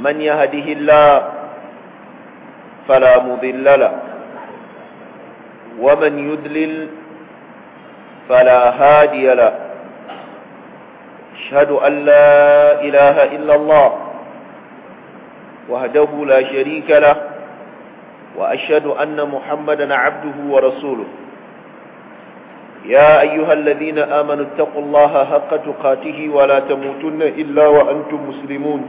من يهده الله فلا مضل له ومن يدلل فلا هادي له أشهد أن لا إله إلا الله وهده لا شريك له وأشهد أن محمدا عبده ورسوله يا أيها الذين آمنوا اتقوا الله حق تقاته ولا تموتن إلا وأنتم مسلمون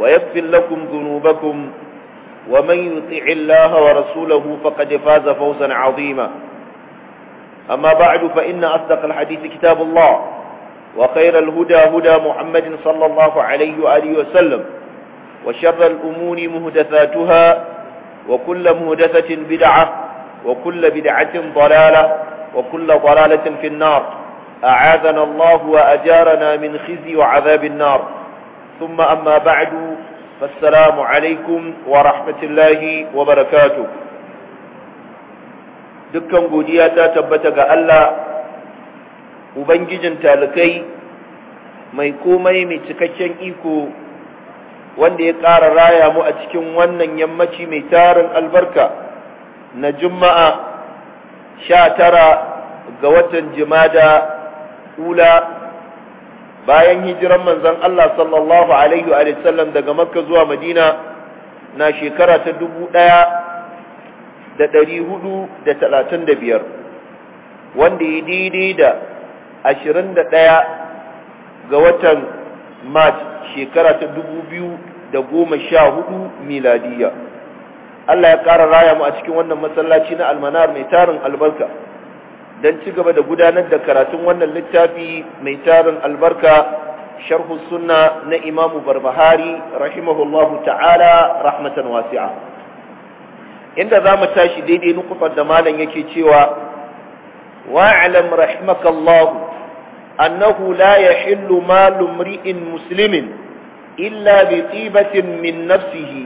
ويغفر لكم ذنوبكم ومن يطع الله ورسوله فقد فاز فوزا عظيما أما بعد فإن أصدق الحديث كتاب الله وخير الهدى هدى محمد صلى الله عليه وآله وسلم وشر الأمور مهدثاتها وكل مهدثة بدعة وكل بدعة ضلالة وكل ضلالة في النار أعاذنا الله وأجارنا من خزي وعذاب النار ثم أما بعد فالسلام عليكم ورحمة الله وبركاته ta قدياتا ga ألا وبنججن تالكي mai komai mai cikakken iko wanda ya ƙara raya mu a cikin wannan yammaci mai tarin albarka na juma'a sha tara ga watan jimada ula bayan hijiran manzon Allah sallallahu alaihi wa sallam daga makka zuwa madina na shekara ta dubu ɗaya da ɗari hudu da talatin da biyar wanda ya daidai da ashirin da ɗaya ga watan march shekara ta dubu biyu da goma sha hudu miladiya Allah ya ƙara raya mu a cikin wannan masallaci na almanar mai tarin albarka don ci gaba da gudanar da karatun wannan littafi mai tarin albarka sharhu sunna na imamu barbahari rahimahullahu ta'ala rahmatan wasi'a inda za mu tashi daidai nukufar da malam yake cewa wa'alam rahimakallahu annahu la yahillu malu mri'in muslimin illa bi tibatin min nafsihi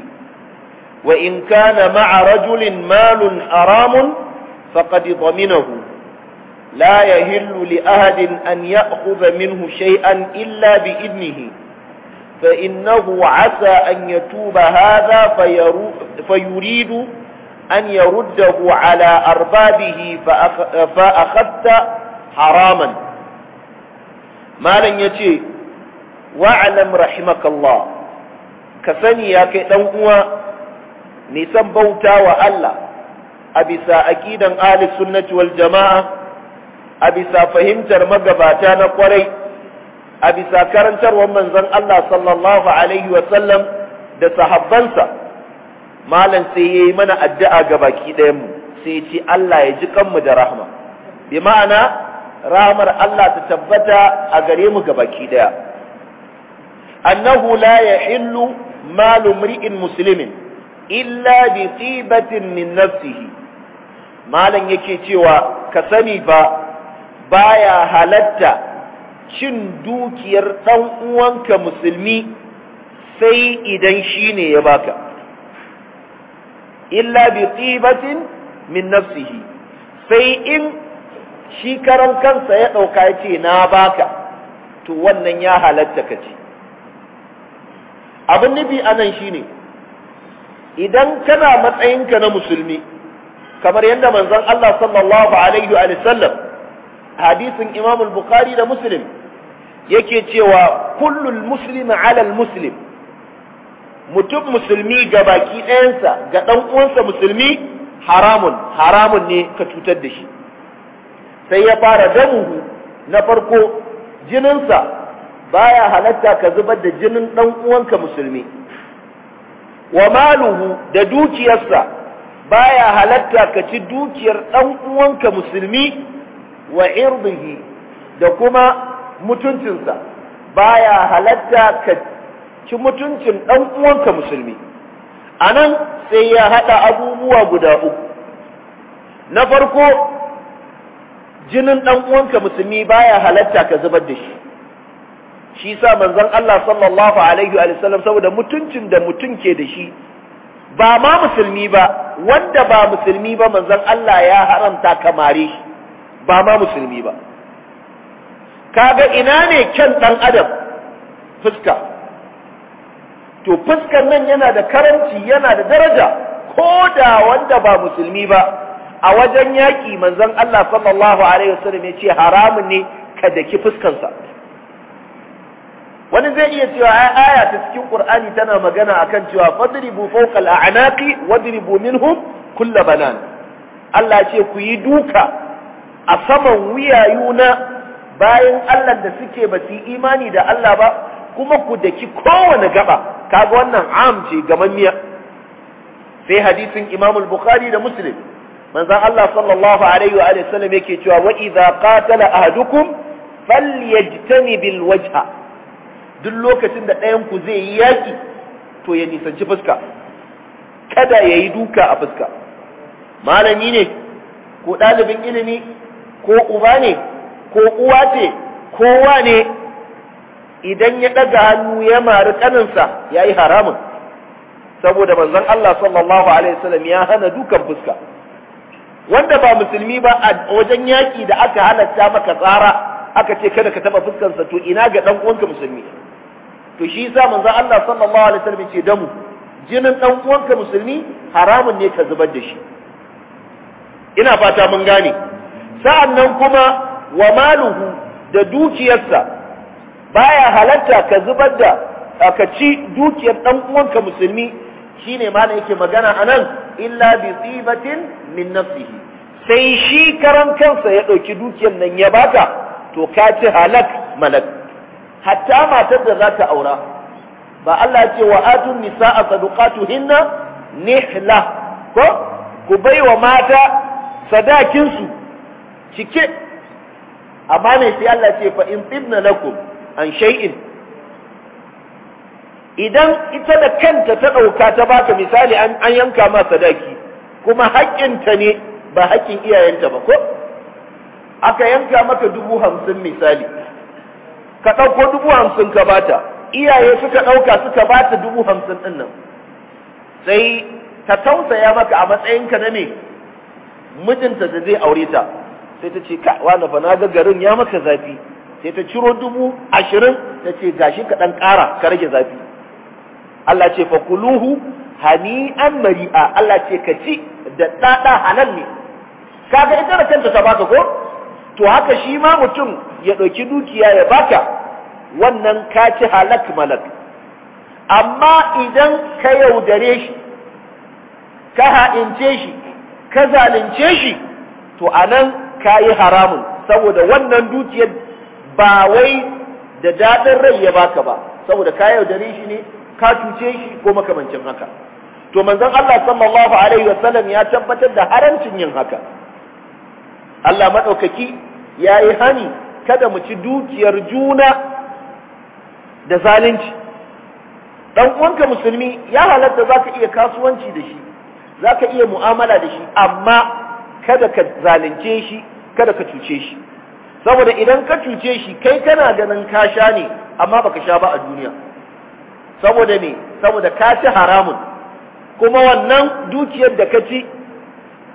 wa in kana ma'a rajulin malun aramun faqad dhaminahu لا يهل لأحد أن يأخذ منه شيئا إلا بإذنه فإنه عسى أن يتوب هذا فيريد أن يرده على أربابه فأخذت حراما ما لن يتي واعلم رحمك الله كفني يا هو نسان بوتا وألا أبسا أكيدا آل السنة والجماعة a bisa fahimtar magabata na kwarai a bisa karantarwar manzon Allah sallallahu alaihi wa sallam da sahabbansa malam sai yayi mana addu'a ga baki ɗayan mu sai ce Allah ya ji kanmu da rahma bi ma'ana rahmar Allah ta tabbata a gare mu ga baki ɗaya annahu la yahillu malu mri'in muslimin illa bi tibatin min nafsihi malam yake cewa ka sani ba baya halatta cin dukiyar ɗan uwanka musulmi sai idan shi ne ya baka illa bi qibatin min nafsihi sai in shi karan kansa ya ɗauka ya ce na baka to wannan ya halatta ka ce abin nufi anan shine idan kana matsayinka na musulmi kamar yadda manzon Allah sallallahu alaihi wa sallam hadisin Imam al-Bukhari da Muslim yake cewa kullum muslim alal al-muslim mutum musulmi ga baki ɗayansa ga ɗan uwansa musulmi haramun haramun ne ka cutar da shi sai ya fara damuhu na farko jininsa baya halatta ka zubar da jinin ɗan uwanka musulmi wa maluhu da dukiyarsa baya halatta ka ci dukiyar ɗan uwanka musulmi wa irdihi da kuma mutuncinsa baya halatta ka ci mutuncin ɗan'uwanka uwanka musulmi anan sai ya haɗa abubuwa guda uku na farko jinin ɗan'uwanka uwanka musulmi baya halatta ka zubar da shi shi sa manzon Allah sallallahu alaihi wa saboda mutuncin da mutum ke da shi ba ma musulmi ba wanda ba musulmi ba manzon Allah ya haramta kamare shi ba ma musulmi ba kaga ina ne kyan dan adam fuska to fuskan nan yana da karanci yana da daraja ko da wanda ba musulmi ba a wajen yaƙi manzon Allah sallallahu alaihi wasallam ya ce haramun ne ka daki fuskansa wani zai iya cewa ai aya ta cikin Qur'ani tana magana akan cewa fadribu fawqa al-a'naqi wadribu minhum kull banan Allah ce ku yi duka a saman wuyayuna bayan Allah da suke ba su imani da Allah ba kuma ku daki kowane gaba kaga wannan am ce gamammiya sai hadisin Imam al-Bukhari da Muslim manzon Allah sallallahu alaihi wa sallam yake cewa wa idza qatala ahadukum bil wajha duk lokacin da ɗayan ku zai yi yaki to ya nisanci fuska kada ya yi duka a fuska malami ne ko ɗalibin ilimi ko uba ne ko uwa ce ko ne idan ya ɗaga hannu ya mari ƙaninsa ya yi haramun saboda manzon Allah sallallahu alaihi wasallam ya hana dukan fuska wanda ba musulmi ba a wajen yaƙi da aka halatta maka tsara aka ce kada ka taɓa fuskansa to ina ga ɗan uwanka musulmi to shi yasa manzon Allah sallallahu alaihi wasallam ce damu jinin ɗan uwanka musulmi haramun ne ka zubar da shi ina fata mun gane sa'annan kuma wa maluhu da dukiyarsa baya halatta ka zubar da ka ci dukiyar ɗan'uwanka musulmi, musulmi shine ma da yake magana anan illa bi tsibatin min nafsihi sai shi karan kansa ya ɗauki dukiyar nan ya baka to ka ci halak malak hatta matar da za ta aura ba Allah ya ce wa atun nisaa hinna nihla ko ku bai wa mata sadakinsu. cike amma ne sai Allah ce fa in tibna lakum an shay'in idan ita da kanta ta ɗauka ta baka misali an yanka ma sadaki kuma ta ne ba haƙƙin iyayenta ba ko aka yanka maka dubu hamsin misali ka ɗauko dubu hamsin ka bata iyaye suka ɗauka suka bata dubu hamsin ɗin nan sai ta tausaya maka a matsayinka na ne mijinta da zai aure ta sai ta ce wani fa na ga garin ya maka zafi sai ta ciro dubu ashirin ta ce gashi ka ɗan ƙara ka rage zafi Allah ce fa kuluhu an mari'a Allah ce ka ci da ɗaɗa halal ne kaga ita da kanta ta baka ko to haka shi ma mutum ya ɗauki dukiya ya baka wannan ka ci halak malak amma idan ka yaudare shi ka ha'ince shi ka zalunce shi to anan ka yi haramun saboda wannan dukiyar ba wai da daɗin rai ya baka ba saboda ka yaudare shi ne ka cuce shi ko makamancin haka to manzon Allah sallallahu alaihi wasallam ya tabbatar da harancin yin haka Allah madaukaki ya yi hani kada mu ci dukiyar juna da zalunci dan uwanka musulmi ya halatta zaka iya kasuwanci da shi zaka iya mu'amala da shi amma kada ka zalunce shi kada ka cuce shi saboda idan ka cuce shi kai kana ganin ka sha ne amma baka sha ba a duniya saboda me saboda ka ci haramun kuma wannan dukiyar da ka ci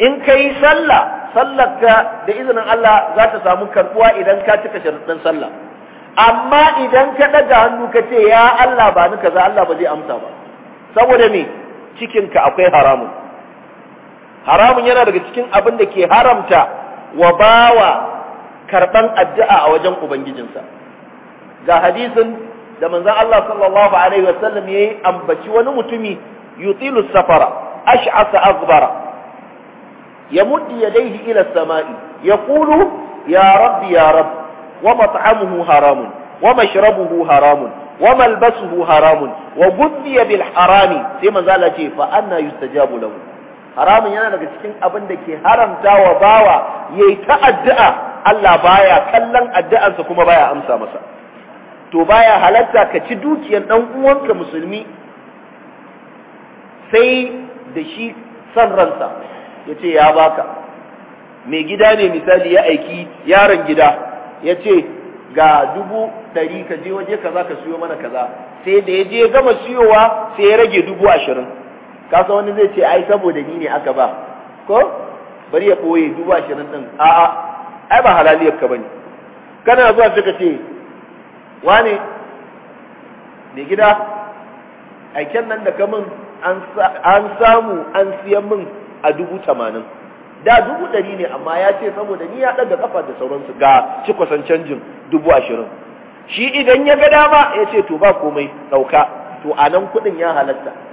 in ka yi sallah sallar ka da izinin Allah za ta samu karbuwa idan ka cika sharuɗin sallah amma idan ka ɗaga hannu ka ce ya Allah ba ni kaza Allah ba zai amsa ba saboda me cikinka akwai haramun haramun yana daga cikin abin da ke haramta wa bawa karban addu'a a wajen ubangijinsa ga hadisin da manzon Allah sallallahu alaihi wasallam yayi ambaci wani mutumi yutilu safara ash'asa aghbara yamuddu yadayhi ila as-sama'i yaqulu ya rabbi ya rabb wa mat'amuhu haramun wa mashrabuhu haramun wa malbasuhu haramun wa guddiya bil harami sai manzon Allah ce fa anna yustajabu lahu haramun yana daga cikin abin da ke haramta wa bawa yayi ta addu'a Allah baya kallon addu'arsa kuma baya amsa masa to baya halatta ka ci dukiyar dan uwanka musulmi sai da shi san ransa ya ce ya baka mai gida ne misali ya aiki yaron gida ya ce ga dubu ɗari ka je waje kaza ka siyo mana kaza sai da ya je gama siyowa sai ya rage dubu ashirin kasa wani zai ce ai saboda ni ne aka ba ko bari ya koye duba ashirin din a'a ai ba halaliyar ka bane kana zuwa suka ce wani ne gida aiken nan da kamun an samu an siyan min a dubu tamanin da dubu ɗari ne amma ya ce saboda ni ya daga kafa da sauransu ga ci canjin dubu ashirin shi idan ya ga dama ya ce to ba komai ɗauka to a nan kuɗin ya halatta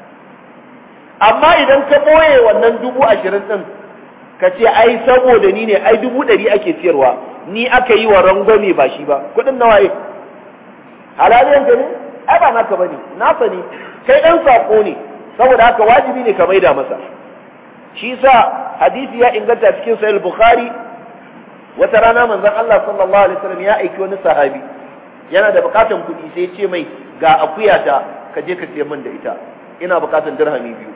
amma idan ka boye wannan dubu ashirin ɗin ka ce ai saboda ni ne ai dubu ɗari ake siyarwa ni aka yi wa rangwame ba shi ba kuɗin nawa ne halaliyan ka ne ai ba naka bane nasa ne kai ɗan saƙo ne saboda haka wajibi ne ka maida masa shi sa hadisi ya inganta cikin sayar bukhari wata rana manzon Allah sallallahu alaihi wasallam ya aiki wani sahabi yana da bukatan kuɗi sai ya ce mai ga akuyata ka je ka siya min da ita ina bukatan dirhami biyu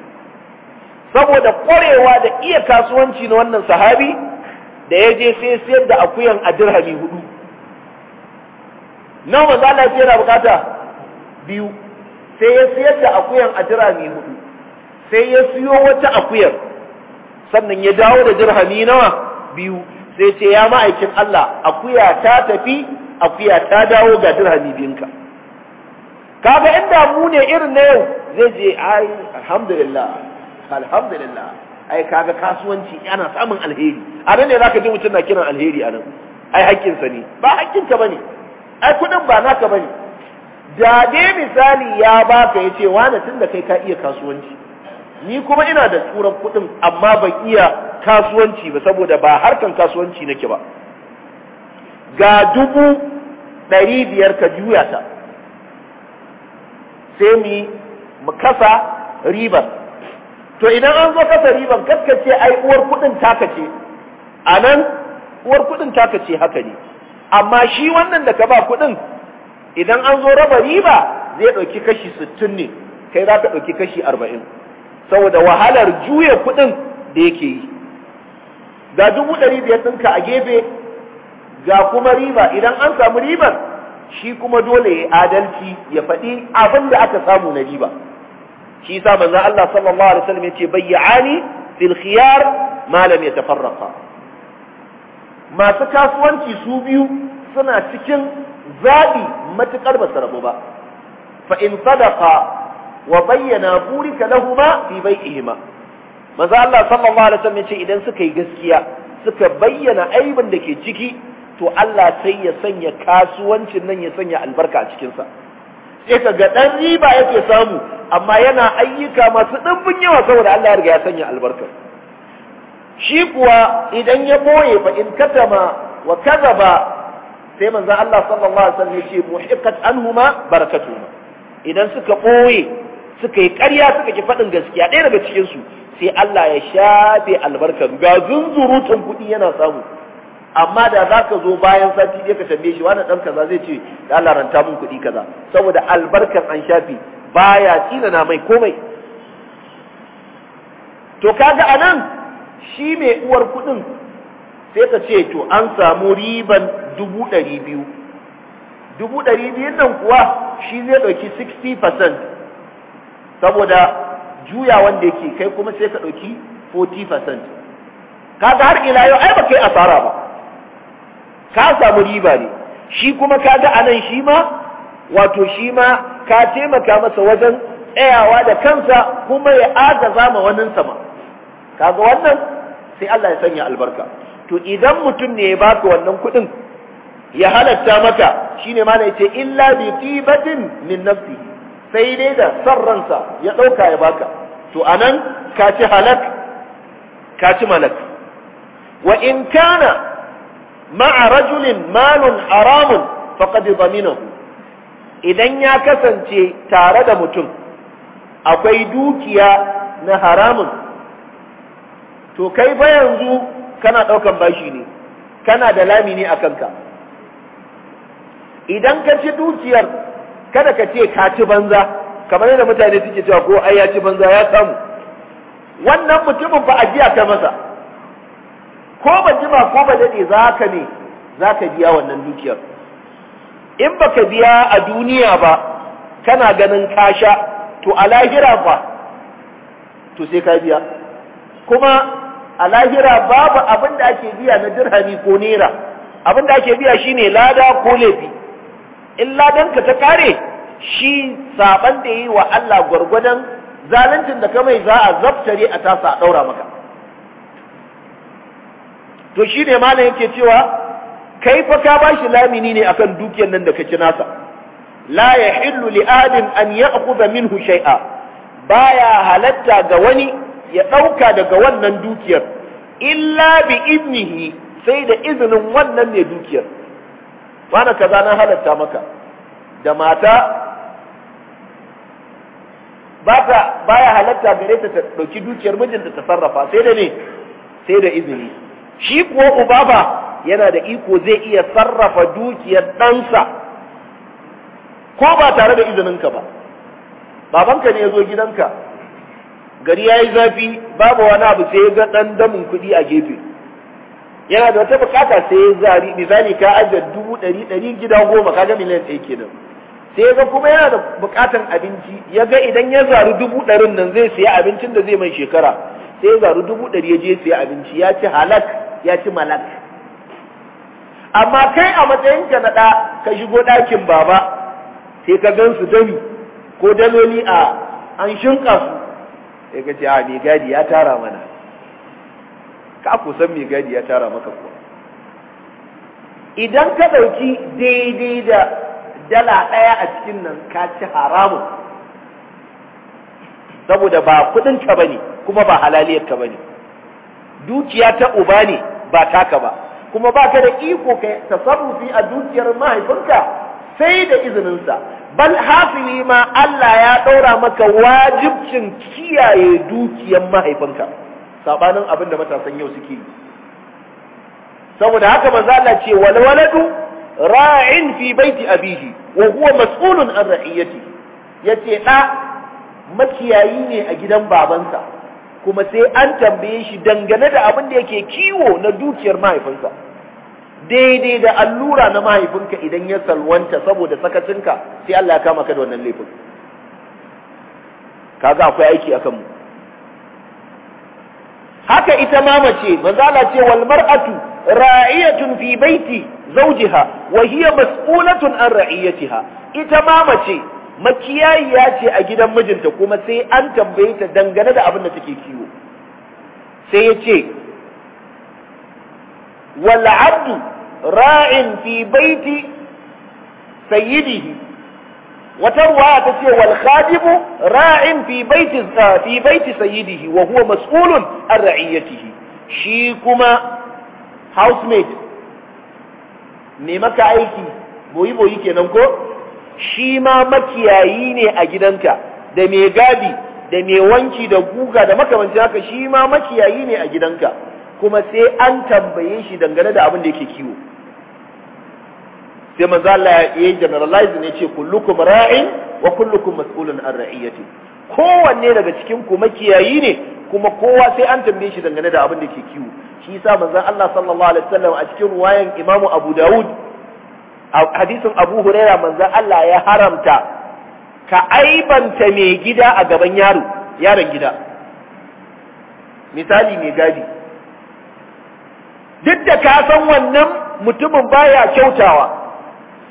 saboda ƙwarewa da iya kasuwanci na wannan sahabi da ya je sai sayar da akuyan a dirhami hudu ba za a lafiya yana bukata biyu sai ya sayar da akuyan a dirhami hudu sai ya siyo wata akuyar sannan ya dawo da dirhami nawa biyu sai ce ya ma'aikin Allah akuya ta tafi akuya ta dawo ga dirhami biyunka kaga inda mu ne irin na yau zai je ai alhamdulillah alhamdulillah ai kaga kasuwanci ana samun alheri a nan ne zaka ji mutum na kiran alheri a nan ai hakkin sa ne ba hakkin ka bane ai kuɗin ba naka bane da dai misali ya baka yace wani tunda kai ka iya kasuwanci ni kuma ina da tsuran kuɗin amma ban iya kasuwanci ba saboda ba harkan kasuwanci nake ba ga dubu ɗari biyar ka juya ta sai mu kasa ribar to idan an zo kasa riban kaskace ai uwar kudin taka ce a uwar kudin taka ce haka ne amma shi wannan da ka ba kudin idan an zo raba riba zai ɗauki kashi sittin ne kai za ka ɗauki kashi arba'in saboda wahalar juya kudin da yake yi ga dubu ɗari biyar ɗinka a gefe ga kuma riba idan an samu ribar shi kuma dole ya adalci ya faɗi abin da aka samu na riba. shi yasa manzo Allah sallallahu alaihi wasallam yace bayyani fil khiyar ma lam yatafarraqa masu kasuwanci su biyu suna cikin zabi matukar ba rabu ba fa in sadaqa wa bayyana burika lahuma fi bai'ihima manzo Allah sallallahu alaihi wasallam yace idan suka yi gaskiya suka bayyana aibin da ke ciki to Allah sai ya sanya kasuwancin nan ya sanya albarka a cikinsa. sa sai ka ga ɗan riba yake samu amma yana ayyuka masu ɗimbin yawa saboda Allah ya riga ya sanya albarka shi kuwa idan ya boye fa in katama wa kazaba sai manzon Allah sallallahu alaihi wasallam yace muhiqat anhuma barakatuhuma idan suka boye suka yi ƙarya suka ki faɗin gaskiya ɗaya daga cikin su sai Allah ya shafe albarkar ga zunzurutun kuɗi yana samu amma da za ka zo bayan sati ɗaya ka tambaye shi wani ɗan kaza zai ce da Allah ranta mun kuɗi kaza saboda albarkar an shafi baya tsinana mai komai to kaga anan shi mai uwar kuɗin sai ka ce to an samu riban dubu ɗari biyu dubu ɗari biyun nan kuwa shi zai ɗauki 60% saboda juya wanda yake kai kuma sai ka ɗauki 40% kaga har ila yau ai ba kai asara ba ka samu riba ne shi kuma ka ga anan shi ma wato shi ma ka taimaka masa wajen tsayawa da kansa kuma ya aga zama wani sama ga wannan sai Allah ya sanya albarka to idan mutum ne ya baka wannan kuɗin ya halatta maka shine ma yace illa bi tibatin min nafsi sai dai da ransa ya ɗauka ya baka to anan ka ci halak ka ci malak wa in kana ma'a rajulin malun haramun faqad dhaminahu idan ya kasance tare da mutum akwai dukiya na haramun to kai ba yanzu kana ɗaukan bashi ne kana da lamini ne a kanka idan ka ci dukiyar kada ka ce ka ci banza kamar yadda mutane suke cewa ko ai ya ci banza ya samu wannan mutumin fa jiya ta masa ko ba jima ko ba dade zaka ne zaka biya wannan dukiyar in baka biya a duniya ba kana ganin kasha to a lahira ba to sai ka biya kuma a lahira babu abin da ake biya na dirhami ko naira abin da ake biya shine lada ko laifi in ka ta kare shi saban da yi wa Allah gwargwadon zaluncin da ka mai za a zaftare a tasa a ɗaura maka to ne malam yake cewa kai fa ka bashi lamini ne akan dukiyar nan da kaci nasa la yahillu li adin an ya'khudha minhu shay'a baya halatta ga wani ya dauka daga wannan dukiyar illa bi idnihi sai da izinin wannan ne dukiyar wani kaza na halatta maka da mata bata baya halatta gare ta ta dauki dukiyar mijinta ta sarrafa sai da ne sai da izini shi kuwa uba ba yana da iko zai iya sarrafa dukiyar ɗansa ko ba tare da izininka ba babanka ne ya zo gidanka gari ya yi zafi babu wani abu sai ya ɗan damin kuɗi a gefe yana da wata bukata sai ya zari misali ka ajiye dubu ɗari ɗari gida goma kaga miliyan ɗaya kenan sai ya ga kuma yana da bukatan abinci ya ga idan ya zari dubu ɗarin nan zai sayi abincin da zai mai shekara sai ya zari dubu ɗari ya je sayi abinci ya ci halak ya ci malak amma kai a matsayinka na ɗa ka shigo ɗakin baba sai ka gan su ko daloli a an shinka su sai ka ce a mai gadi ya tara mana ka ku san mai gadi ya tara maka kuwa idan ka ɗauki daidai da dala ɗaya a cikin nan ka ci haramun saboda ba kuɗinka ba ne kuma ba halaliyarka ba ne dukiya ta uba ne ba taka ba kuma ba ka da iko kai tasarrufi a dukiyar mahaifinka sai da izininsa bal hafili ma Allah ya ɗaura maka wajibcin kiyaye dukiyar mahaifinka sabanin abin da matasan yau suke yi saboda haka manzo Allah ce wal waladu ra'in fi baiti abihi wa huwa mas'ulun an ra'iyati yace da makiyayi ne a gidan babansa kuma sai an tambaye shi dangane da abin da yake kiwo na dukiyar mahaifinsa daidai da allura na mahaifinka idan ya salwanta saboda sakacinka sai Allah ya kama ka da wannan laifin kaga akwai aiki akan mu haka ita ma mace manzala ce wal mar'atu ra'iyatun fi baiti zawjiha wa hiya mas'ulatun an ra'iyatiha ita ma mace makiyayiya ce a gidan mijinta kuma sai an tambaye ta dangane da abin da take kiwo sai ya ce wal abdu ra'in fi baiti sayyidihi wata ruwaya ta ce wal khadimu ra'in fi baiti fi baiti sayyidihi wa huwa mas'ulun an ra'iyatihi shi kuma housemate ne maka aiki boyi boyi kenan ko shi ma makiyayi ne a gidanta da mai gadi da mai wanki da guga da makamancin haka shi ma makiyayi ne a gidanka kuma sai an tambaye shi dangane da abin da yake kiwo sai manzo Allah ya yi generalize ne ce kullukum ra'in wa kullukum mas'ulun an ra'iyati kowanne daga cikin ku makiyayi ne kuma kowa sai an tambaye shi dangane da abin da yake kiwo shi yasa manzo Allah sallallahu alaihi wasallam a cikin ruwayan Imam Abu Dawud hadisin Abu Huraira manzan Allah ya haramta ka aibanta mai gida a gaban yaro yaron gida misali mai gadi duk da ka san wannan mutumin baya kyautawa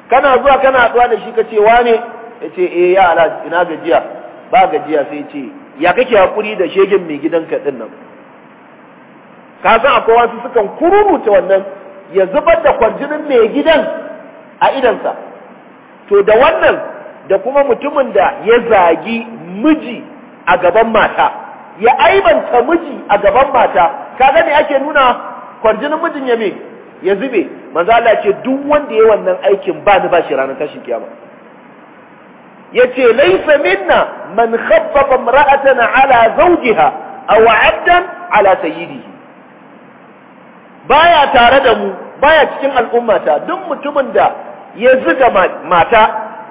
kana zuwa kana haɗuwa da shi ka ce wane ya ce eh ya ala ina gajiya ba gajiya sai ce ya kake hakuri da shegen mai gidanka din nan ka san akwai wasu sukan kururuta wannan ya zubar da kwarjinin mai gidan a idansa to da wannan da kuma mutumin da ya zagi miji a gaban mata ya aibanta miji a gaban mata kaga ne ake nuna kwarjinin mijin ya me ya zube manzo Allah ce duk wanda ya wannan aikin ba ni ba shi ranar tashin kiyama yace laysa minna man khaffafa imra'atan ala zawjiha aw 'abdan ala sayyidihi baya tare da mu baya cikin al'ummata duk mutumin da ya zuga mata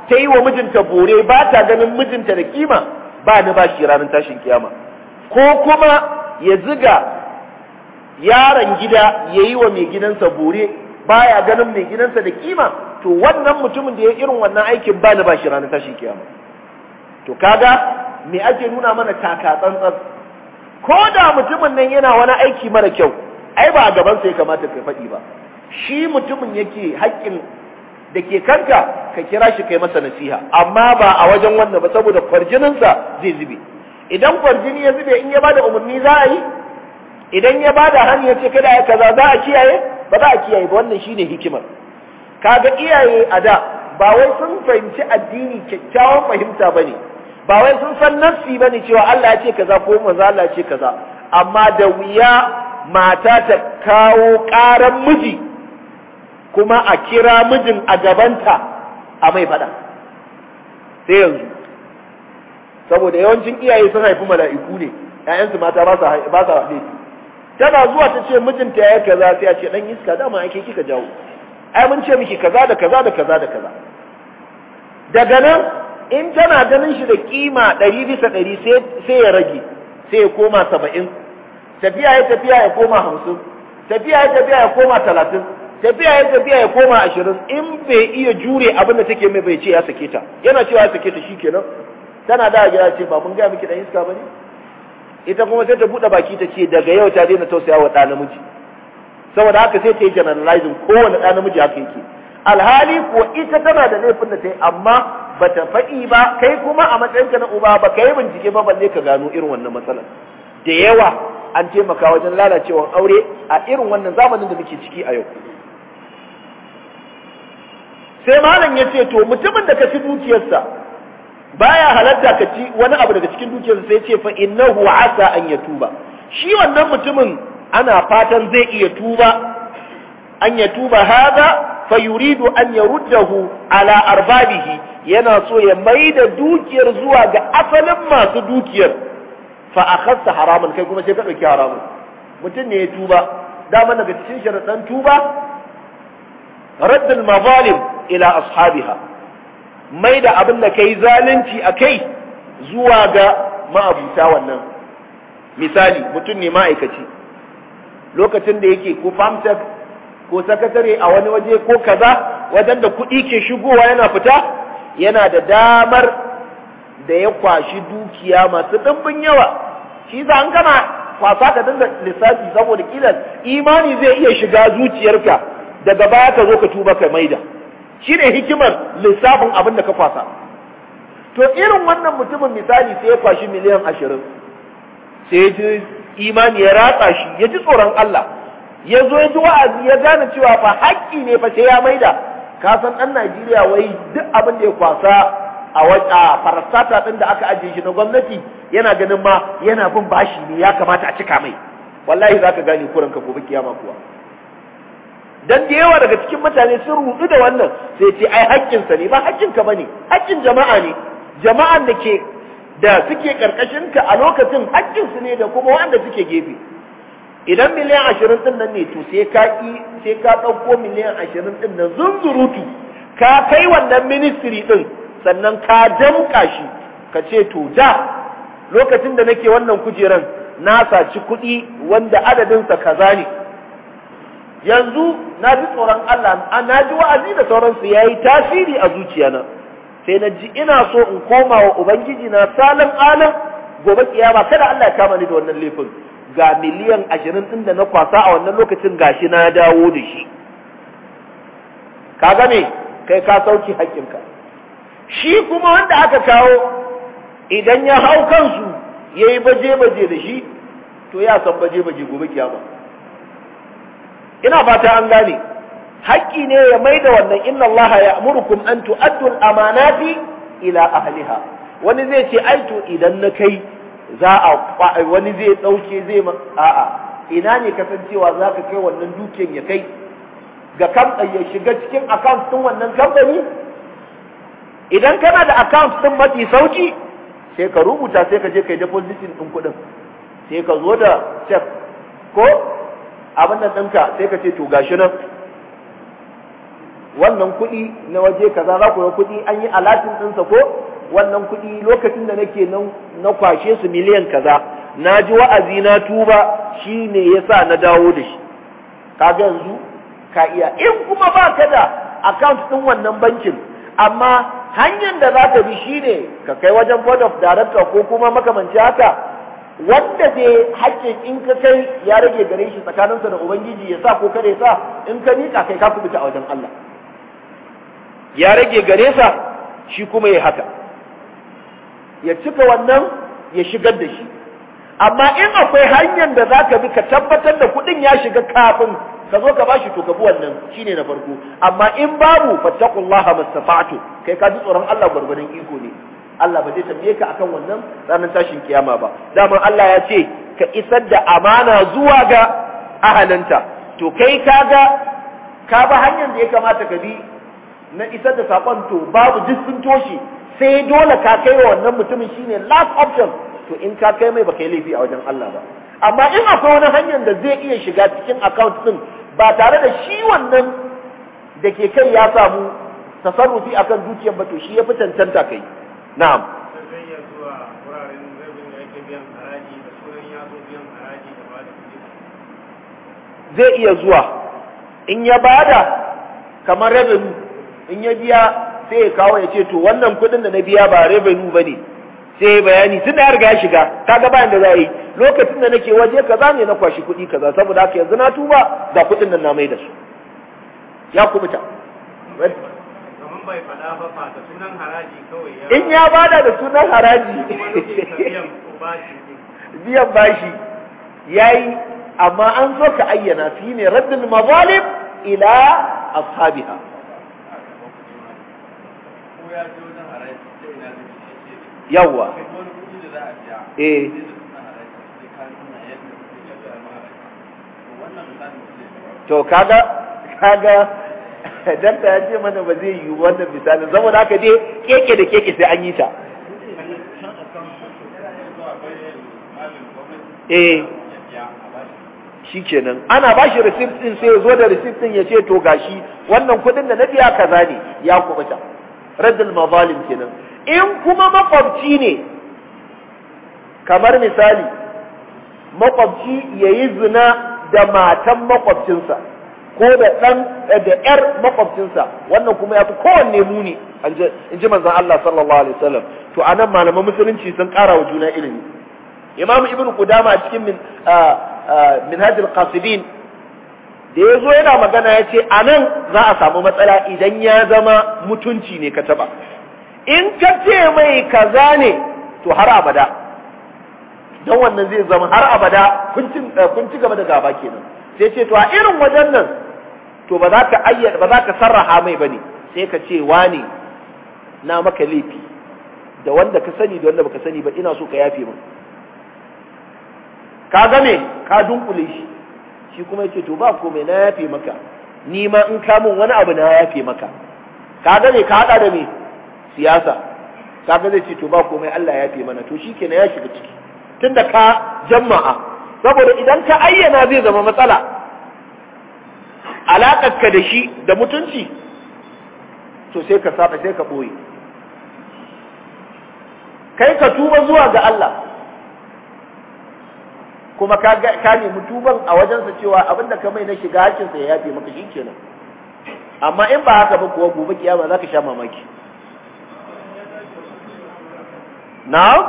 ta yi wa mijinta bore ba ta ganin mijinta da kima ba ni ba shi ranar tashin kiyama ko kuma ya zuga yaron gida ya yi wa mai gidansa bore ya ganin mai gidansa da kima to wannan mutumin da ya irin wannan aikin ba ni ba shi ranar tashin kiyama to kaga me ake nuna mana taka tsantsan ko da mutumin nan yana wani aiki mara kyau ai ba a gabansa ya kamata ka faɗi ba shi mutumin yake haƙƙin da ke kanka ka kira shi kai masa nasiha amma ba a wajen wannan ba saboda kwarjininsa zai zube idan kwarjini ya zube in ya bada umarni za a yi idan ya bada hani ya ce kada ya kaza za a kiyaye ba za a kiyaye ba wannan shine hikimar kaga iyaye a da ba wai sun fahimci addini kyakkyawan fahimta bane ba wai sun san nafsi ne cewa Allah ya ce kaza ko manzo Allah ya ce kaza amma da wuya mata ta kawo ƙaran miji kuma a kira mijin a gabanta a mai fada sai yanzu saboda yawancin iyaye sun haifi mala'iku ne ƴaƴansu mata ba sa ba sa haɗe tana zuwa ta ce mijinta ya kaza sai a ce dan iska dama ake kika jawo ai mun ce miki kaza da kaza da kaza da kaza daga nan in tana ganin shi da kima ɗari bisa ɗari sai ya rage sai ya koma 70 tafiya ya tafiya ya koma hamsin tafiya ya tafiya ya koma talatin tafiya ya tafiya ya koma ashirin in bai iya jure abin da take mai bai ce ya sake ta yana cewa ya sake ta shikenan tana da gida ce ba mun gaya miki dan iska bane ita kuma sai ta bude baki ta ce daga yau ta daina tausaya wa ɗa namiji saboda haka sai ta yi generalizing kowane ɗa namiji haka yake alhali kuwa ita tana da laifin da ta yi amma ba ta faɗi ba kai kuma a matsayinka na uba ba ka yi bincike ba balle ka gano irin wannan matsalar da yawa an taimaka wajen lalacewar aure a irin wannan zamanin da muke ciki a yau sai malam ya ce to mutumin da ka ci dukiyarsa baya halatta ka ci wani abu daga cikin dukiyarsa sai ce fa innahu asa an yatuba shi wannan mutumin ana fatan zai iya tuba an yatuba haza fa yuridu an yaruddahu ala arbabihi yana so ya mai da dukiyar zuwa ga asalin masu dukiyar fa akhadta haraman kai kuma sai ka dauki haramun mutum ne ya tuba dama daga cikin sharadan tuba raddul mazalim ila ashabiha mai da abin da kayi zalunci a kai zuwa ga ma'abuta wannan misali mutum ne ma'aikaci lokacin da yake ko famtech ko sakatare a wani waje ko kaza wajen da kuɗi ke shigowa yana fita yana da damar da ya kwashi dukiya masu ɗimbin yawa shi za an gama kwasa ka dinga lissafi saboda kilan imani zai iya shiga zuciyarka daga baya ka zo ka tuba ka maida shi ne hikimar lissafin abin da ka kwasa to irin wannan mutumin misali sai ya kwashi miliyan ashirin sai ya ji imani ya ratsa shi ya ji tsoron Allah ya zo ya ji wa'azi ya gane cewa fa haƙƙi ne fa sai ya maida ka san ɗan Najeriya wai duk abin da ya kwasa a wata farasata ɗin da aka ajiye shi na gwamnati yana ganin ma yana bin bashi ne ya kamata a cika mai wallahi za ka gane kuranka gobe kiyama kuwa dan da yawa daga cikin mutane sun rudu da wannan sai ce ai haƙƙinsa sa ne ba haƙƙinka ka bane haƙƙin jama'a ne jama'an da ke da suke karkashin ka a lokacin haƙƙin su ne da kuma wanda suke gefe idan miliyan ashirin din nan ne to sai ka sai ka ɗauko miliyan ashirin din nan zunzurutu ka kai wannan ministry din sannan ka damka shi ka ce to da lokacin da nake wannan kujeran na saci kuɗi wanda adadinsa kaza ne yanzu na ji tsoron Allah na ji wa'azi da sauransu ya yi tasiri a zuciya na. sai na ji ina so in koma wa ubangiji na salan alam gobe kiyama kada Allah ya kama ni da wannan laifin ga miliyan ashirin ɗin da na kwasa a wannan lokacin gashi na dawo da shi ka gane kai ka sauki haƙƙinka shi kuma wanda aka kawo idan ya hau kansu ya yi baje-baje da shi to ya san baje-baje gobe kiyama ina fata an gane haƙƙi ne ya maida wannan inna Allah amurkum an tu'addu al-amanati ila ahliha wani zai ce ai to idan na kai za a wani zai dauke zai a'a ina ne kasancewa za ka kai wannan dukiyar ya kai ga kan ya shiga cikin account din wannan kamfani idan kana da account din mafi sauki sai ka rubuta sai ka je kai deposit din kuɗin sai ka zo da check ko abin nan ɗinka sai ka ce to gashi nan wannan kuɗi na waje kaza za ku ga kuɗi an yi alatin ɗinsa ko wannan kuɗi lokacin da nake nan na kwashe su miliyan kaza na ji wa'azi na tuba shi ne ya sa na dawo da shi kaga yanzu ka iya in kuma ba ka da account ɗin wannan bankin amma hanyar da za ka bi shi ne ka kai wajen board of director ko kuma makamanci haka wanda zai haƙƙin in ka kai ya rage gare shi tsakaninsa da ubangiji ya sa ko kare ya sa in ka miƙa kai ka kubuta a wajen Allah ya rage gare sa shi kuma ya haka ya cika wannan ya shigar da shi amma in akwai hanyar da za ka bi ka tabbatar da kuɗin ya shiga kafin ka zo ka bashi to ka bi wannan ne na farko amma in babu fattaqullaha mastafa'tu kai ka ji tsoron Allah gwargwadon iko ne Allah ba zai tambaye ka akan wannan ranar tashin kiyama ba dama Allah ya ce ka isar da amana zuwa ga ahalinta to kai kaga ka ba hanyar da ya kamata ka bi na isar da sakon to babu duk sun toshe sai dole ka kai wa wannan mutumin shine last option to in ka kai mai ba kai laifi a wajen Allah ba amma in akwai wani hanyar da zai iya shiga cikin account din ba tare da shi wannan da ke kai ya samu tasarrufi akan dukiyar ba to shi ya fi cancanta kai na'am zai iya zuwa in ya bada kamar revenue in ya biya sai ya kawo ya ce to wannan kudin da na biya ba revenue bane sai ya bayani tun da ya riga ya shiga kaga bayan da za yi lokacin da nake waje kaza ne na kwashi kuɗi kaza saboda haka yanzu na tuba ga kudin nan na mai da su ya kubuta bai faɗa ba fa da sunan haraji kawai in ya bada da sunan haraji biyan bashi yayi amma an so ka ayyana fi ne raddul mazalim ila ashabiha yawa eh to kaga kaga da ya ce mana ba zai yi wannan misali da aka je keke da keke sai an yi ta eh shikenan ana ba shi receipt din sai ya zo da receipt din ya ce to gashi wannan kudin da na biya kaza ne ya kubuta raddul mazalim kenan in kuma makwabci ne kamar misali makwabci yayi zina da matan makwabcinsa ko da ɗan eh, da ƴar makwabcinsa wannan kuma ya fi kowanne muni in ji manzon Allah sallallahu alaihi wasallam to anan malaman musulunci sun ƙara wa juna ilimi imam ibnu qudama a cikin min minhajul qasidin da ya zo yana magana ya ce a nan za a samu matsala idan ya zama mutunci ne ka taɓa. in ka ce mai kaza ne to har abada don wannan zai zama har abada kun ci eh, gaba da gaba kenan sai ce to a irin wajen nan to ba za ka ayyar ba za ka sarraha mai ba ne sai ka ce ne na maka laifi da wanda ka sani da wanda baka sani ba ina so ka yafe min ka ga me ka dunkule shi shi kuma ce to ba komai na yafe maka ni ma in ka mun wani abu na yafe maka ka ga me ka hada da me siyasa ka ga zai ce to ba komai Allah ya yafe mana to shikenan ya shiga ciki tunda ka jama'a saboda idan ka ayyana zai zama matsala ka da shi da mutunci to sai ka saba sai ka ɓoye kai ka tuba zuwa ga Allah kuma ka nemi tuban a wajensa cewa abinda ka mai na shiga hakinsa ya yafe maka shi kenan amma in ba haka ba kuwa gobe kiyama za ka sha mamaki na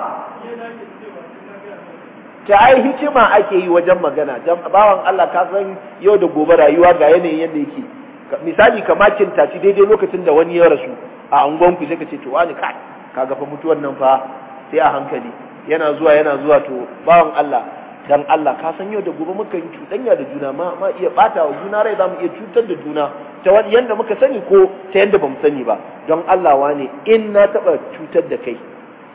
ta ai hikima ake yi wajen magana bawan Allah ka san yau da gobe rayuwa ga yanayin yadda yake misali kama tashi daidai lokacin da wani ya rasu a angon ku sai ka ce to wani kai ga fa mutuwan nan fa sai a hankali yana zuwa yana zuwa to bawan Allah dan Allah ka san yau da gobe muka yi cuɗanya da juna ma ma iya bata wa juna rai zamu iya cutar da juna ta wani yanda muka sani ko ta yanda bamu sani ba don Allah wane in na taba cutar da kai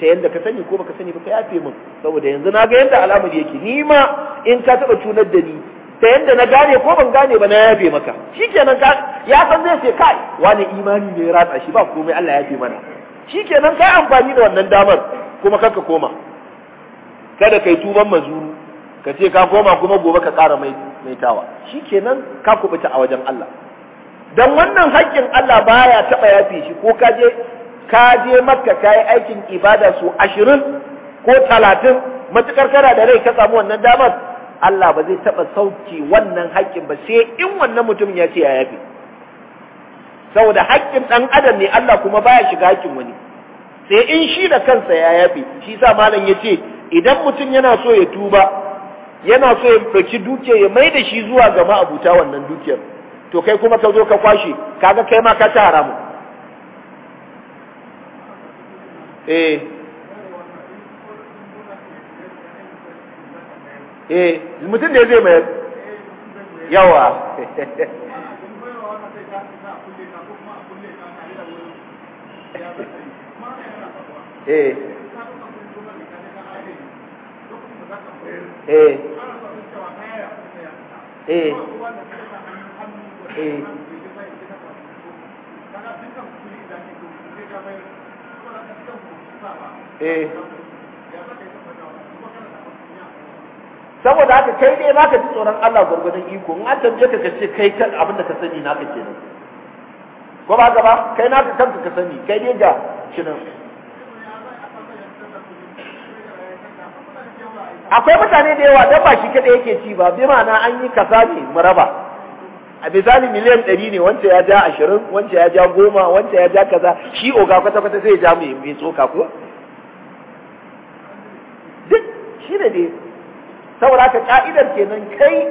ta yanda ka sani ko baka sani ba ka yafe min saboda yanzu na ga yanda al'amari yake ni ma in ka taba tunar da ni ta yadda na gane ko ban gane ba na yafe maka shikenan ka ya san zai ce kai wani imani ne ya ratsa shi ba komai Allah ya yafe mana shikenan kai amfani da wannan damar kuma karka koma kada kai tuban mazuru ka ce ka koma kuma gobe ka ƙara mai maitawa shikenan ka kubuta a wajen Allah dan wannan haƙƙin Allah baya taba yafe shi ko ka je ka je makka ka yi aikin ibada su ashirin ko talatin matukar kana da rai ka samu wannan damar Allah ba zai taɓa sauki wannan haƙƙin ba sai in wannan mutumin ya ce ya yafe saboda haƙƙin ɗan adam ne Allah kuma baya shiga haƙƙin wani sai in shi da kansa ya yafe shi sa malam ya ce idan mutum yana so ya tuba yana so ya ɗauki dukiya ya mai da shi zuwa ga ma'abuta wannan dukiyar to kai kuma ka zo ka kwashe kaga kai ma ka ci mu. eh eh mutum da ya zai mayar yawa eh eh eh eh eh saboda haka kai dai baka ji tsoron Allah gurgurdan iko in an tambaye ka kace kai kan abin da ka sani naka kenan ko ba gaba kai naka kan ka sani kai dai ga shirin akwai mutane da yawa dan ba shi kada yake ci ba bi ma'ana an yi kaza ne mu raba a misali miliyan ɗari ne wancan ya ja ashirin wancan ya ja goma wancan ya ja kaza shi oga kwata-kwata zai ja mai tsoka ko duk shi ne dai saboda ka ka'idar kenan kai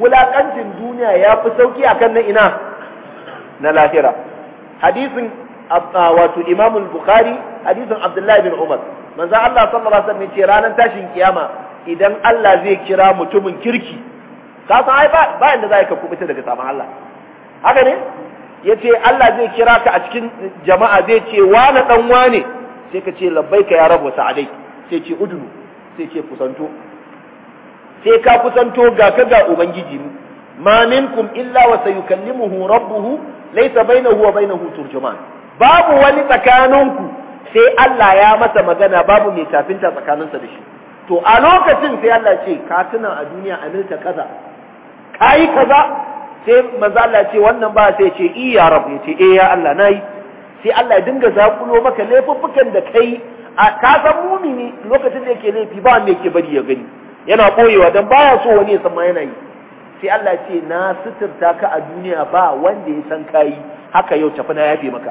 wulakancin duniya ya fi sauki akan na ina na lahira hadisin wato imam bukhari hadisin abdullahi bin umar manzan Allah sallallahu alaihi wasallam ya ce ranar tashin kiyama idan Allah zai kira mutumin kirki ka san ai ba inda za ka kubuta daga samun Allah haka ne Ya ce Allah zai kira ka a cikin jama'a zai ce wane ɗan wane sai ka ce ka ya rabu sa'adai sai ce udunu sai ce kusanto sai ka kusanto ga ka ga ubangiji mu ma minkum illa wa sayukallimuhu rabbuhu laysa bainahu wa bainahu turjuman babu wani tsakaninku sai Allah ya masa magana babu mai tafinta tsakaninsa da shi to a lokacin sai Allah ce ka tuna a duniya a milta kaza kayi kaza sai manzo Allah ce wannan ba sai ce i ya rabu ce eh ya Allah nayi sai Allah ya dinga zakulo maka laifuffukan da kai a ka san mumini lokacin da yake laifi ba wanda yake bari ya gani yana koyewa dan baya so wani ya san ma yana yi sai Allah ya ce na suturta ka a duniya ba wanda ya san kayi haka yau tafi na yafe maka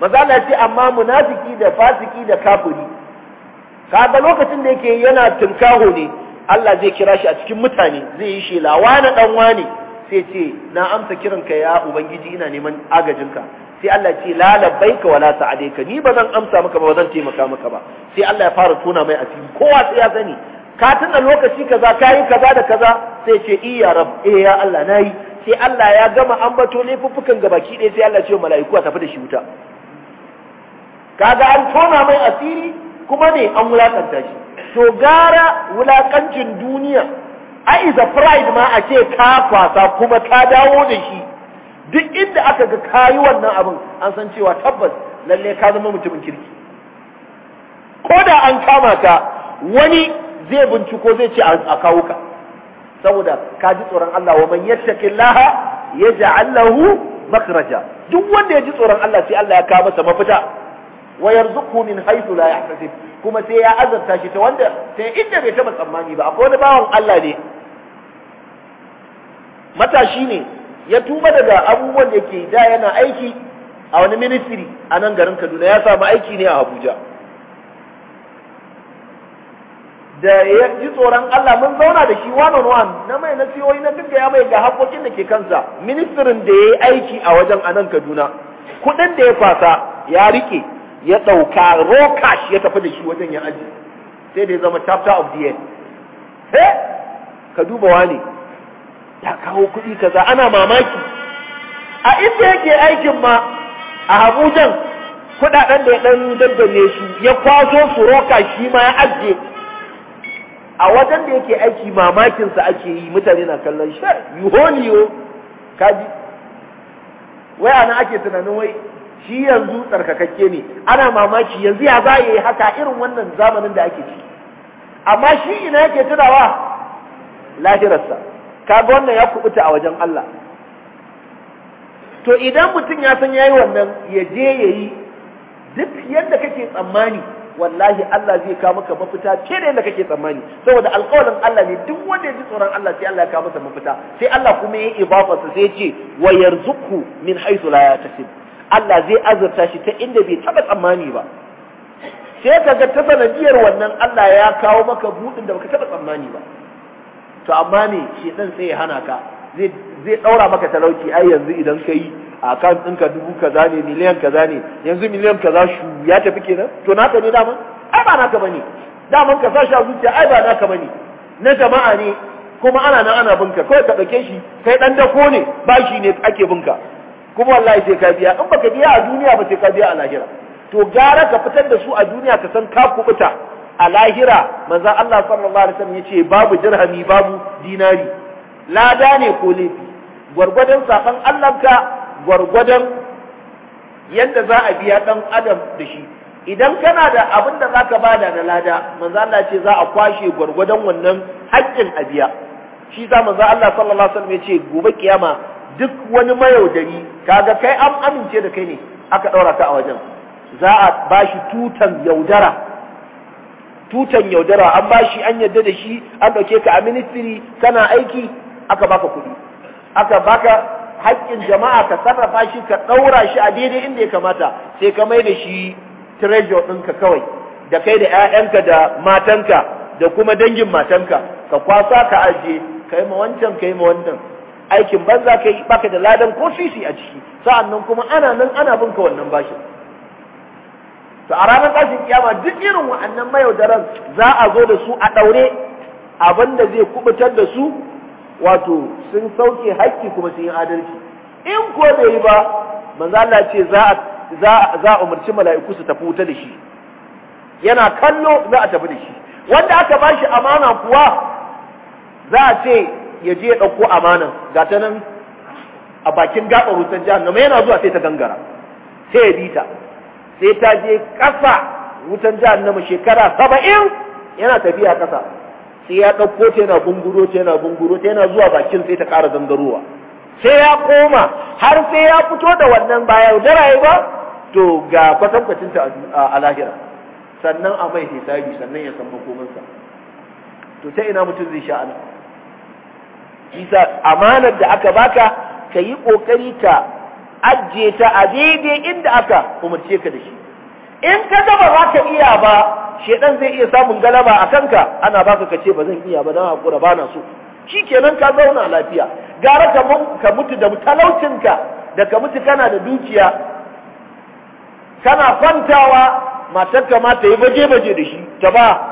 manzo Allah ya ce amma munafiki da fasiki da kafiri kaga lokacin da yake yana tunkaho ne Allah zai kira shi a cikin mutane zai yi shi lawa na dan wani sai ce na amsa kiranka ya ubangiji ina neman agajinka sai Allah ce la labbaika wala sa'adaika ni ba zan amsa maka ba zan taimaka maka ba sai Allah ya fara tona mai asiri kowa sai ya sani ka tuna lokaci kaza kai kaza da kaza sai ce iya rab eh ya Allah nayi sai Allah ya gama ambato laifuffukan gabaki ɗaya sai Allah ce mala'iku a tafi da shi wuta kaga an tona mai asiri kuma ne an wulakanta shi to gara wulakancin duniya a iza pride ma a ce ka kwasa kuma ka dawo da shi duk inda aka ga kayi wannan abin an san cewa tabbas lalle ka zama mutumin kirki ko da an kama ka wani zai binciko zai ce a kawo ka saboda ka ji tsoron Allah wa man yattaqillaha yaj'al lahu makhraja duk wanda ya ji tsoron Allah sai Allah ya kawo masa mafita wa yarzuqhu min haythu la yahtasib kuma sai ya azarta shi ta wanda sai inda bai taba tsammani ba akwai wani bawan Allah ne matashi ne ya tuba daga abubuwan da yake da yana aiki a wani ministry a nan garin Kaduna ya samu aiki ne a Abuja da ya ji tsoron Allah mun zauna da shi one on one na mai nasiyoyi na duk ya mai ga haƙoƙin da ke kansa ministirin da ya yi aiki a wajen a nan Kaduna kuɗin da ya fasa ya rike ya ɗauka roka shi ya tafi da shi wajen ya aji sai da ya zama chapter of the end He? ka duba wani ya kawo kuɗi kaza ana mamaki a inda yake aikin ma a Abujan kuɗaɗen da ya ɗan dandane shi ya kwazo su roka shi ma ya aje a wajen da yake aiki mamakinsa ake yi mutane na kallon shi yuholiyo kaji wai ana ake tunanin wai shi yanzu tsarkakakke ne ana mamaki yanzu ya za yi haka irin wannan zamanin da ake ciki amma shi ina yake tunawa lahirarsa kaga wannan ya kubuta a wajen Allah to idan mutum ya san yayi wannan ya je yayi duk yadda kake tsammani wallahi Allah zai kawo maka mafita ce da yadda kake tsammani saboda alƙawarin Allah ne duk wanda ya ji tsoron Allah sai Allah ya kawo masa mafita sai Allah kuma ya yi ibafarsa sai ya ce wa yarzuqhu min haythu la tafi. Allah zai azurta shi ta inda bai taɓa tsammani ba sai ka ga ta sanadiyar wannan Allah ya kawo maka buɗin da baka taɓa tsammani ba to amma ne shi ɗan sai ya hana ka zai ɗaura maka talauci ai yanzu idan ka yi a kan ɗinka dubu kaza ne miliyan kaza ne yanzu miliyan kaza shu ya tafi kenan to naka ne daman ai ba naka bane daman ka sashi a zuciya ai ba naka bane na jama'a ne kuma ana nan ana binka kawai ka ɗauke shi kai ɗan dako ne bashi ne ake binka kuma wallahi sai ka biya in baka biya a duniya ba sai ka biya a lahira to gara ka fitar da su a duniya ka san ka kubuta a lahira manzo Allah sallallahu alaihi wasallam yace babu dirhami babu dinari lada ne ko laifi gwargwadon sakan ka gwargwadon yadda za a biya dan adam da shi idan kana da abin da zaka bada da lada manzo Allah ce za a kwashe gwargwadon wannan haƙƙin abiya biya shi za manzo Allah sallallahu alaihi wasallam yace gobe kiyama duk wani mayaudari kaga kai an amince da kai ne aka daura ka a wajen za a bashi tutan yaudara tutan yaudara an bashi an yadda da shi an ɗauke ka a ministry kana aiki aka baka kuɗi aka baka haƙƙin jama'a ka sarrafa shi ka daura shi a daidai inda ya kamata sai ka mai da shi treasure ɗinka kawai da kai da 'ya'yanka da matanka da kuma dangin matanka ka kwasa ka ajiye ka yi ma wancan ka ma wannan aikin banza kai baka da ladan ko sisi a ciki sa'annan kuma ana nan ana bin ka wannan bashin to a ranar tashin kiyama duk irin wa'annan mayaudaran za a zo da su a daure abinda zai kubutar da su wato sun sauke haƙƙi kuma sun yi adalci in ko bai yi ba manzo Allah ce za za za umarci mala'iku su tafi wuta da shi yana kallo za a tafi da shi wanda aka bashi amana kuwa za a ce ya je ya ɗauko amanan ga ta nan a bakin gaɓar wutar jahannama yana zuwa sai ta gangara sai ya bi ta sai ta je ƙasa wutar jahannama shekara saba'in yana tafiya ƙasa sai ya ɗauko ta yana gunguro ta yana gunguro ta yana zuwa bakin sai ta ƙara gangarowa sai ya koma har sai ya fito da wannan ba yaudara ba to ga kwatankwacin ta a lahira sannan a mai hisabi sannan ya san makomansa to ta ina mutum zai sha'ana isa amanar da aka baka ka yi kokari ka ajiye ta a daidai inda aka umarce ka da shi in ka gaba ba ka iya ba shedan zai iya samun galaba a kanka ana baka ka ce ba zan iya ba dan hakura ba na so shikenan ka zauna lafiya gara ka ka mutu da talaucinka da ka mutu kana da dukiya kana kwantawa matarka ma ta yi baje-baje da shi ta ba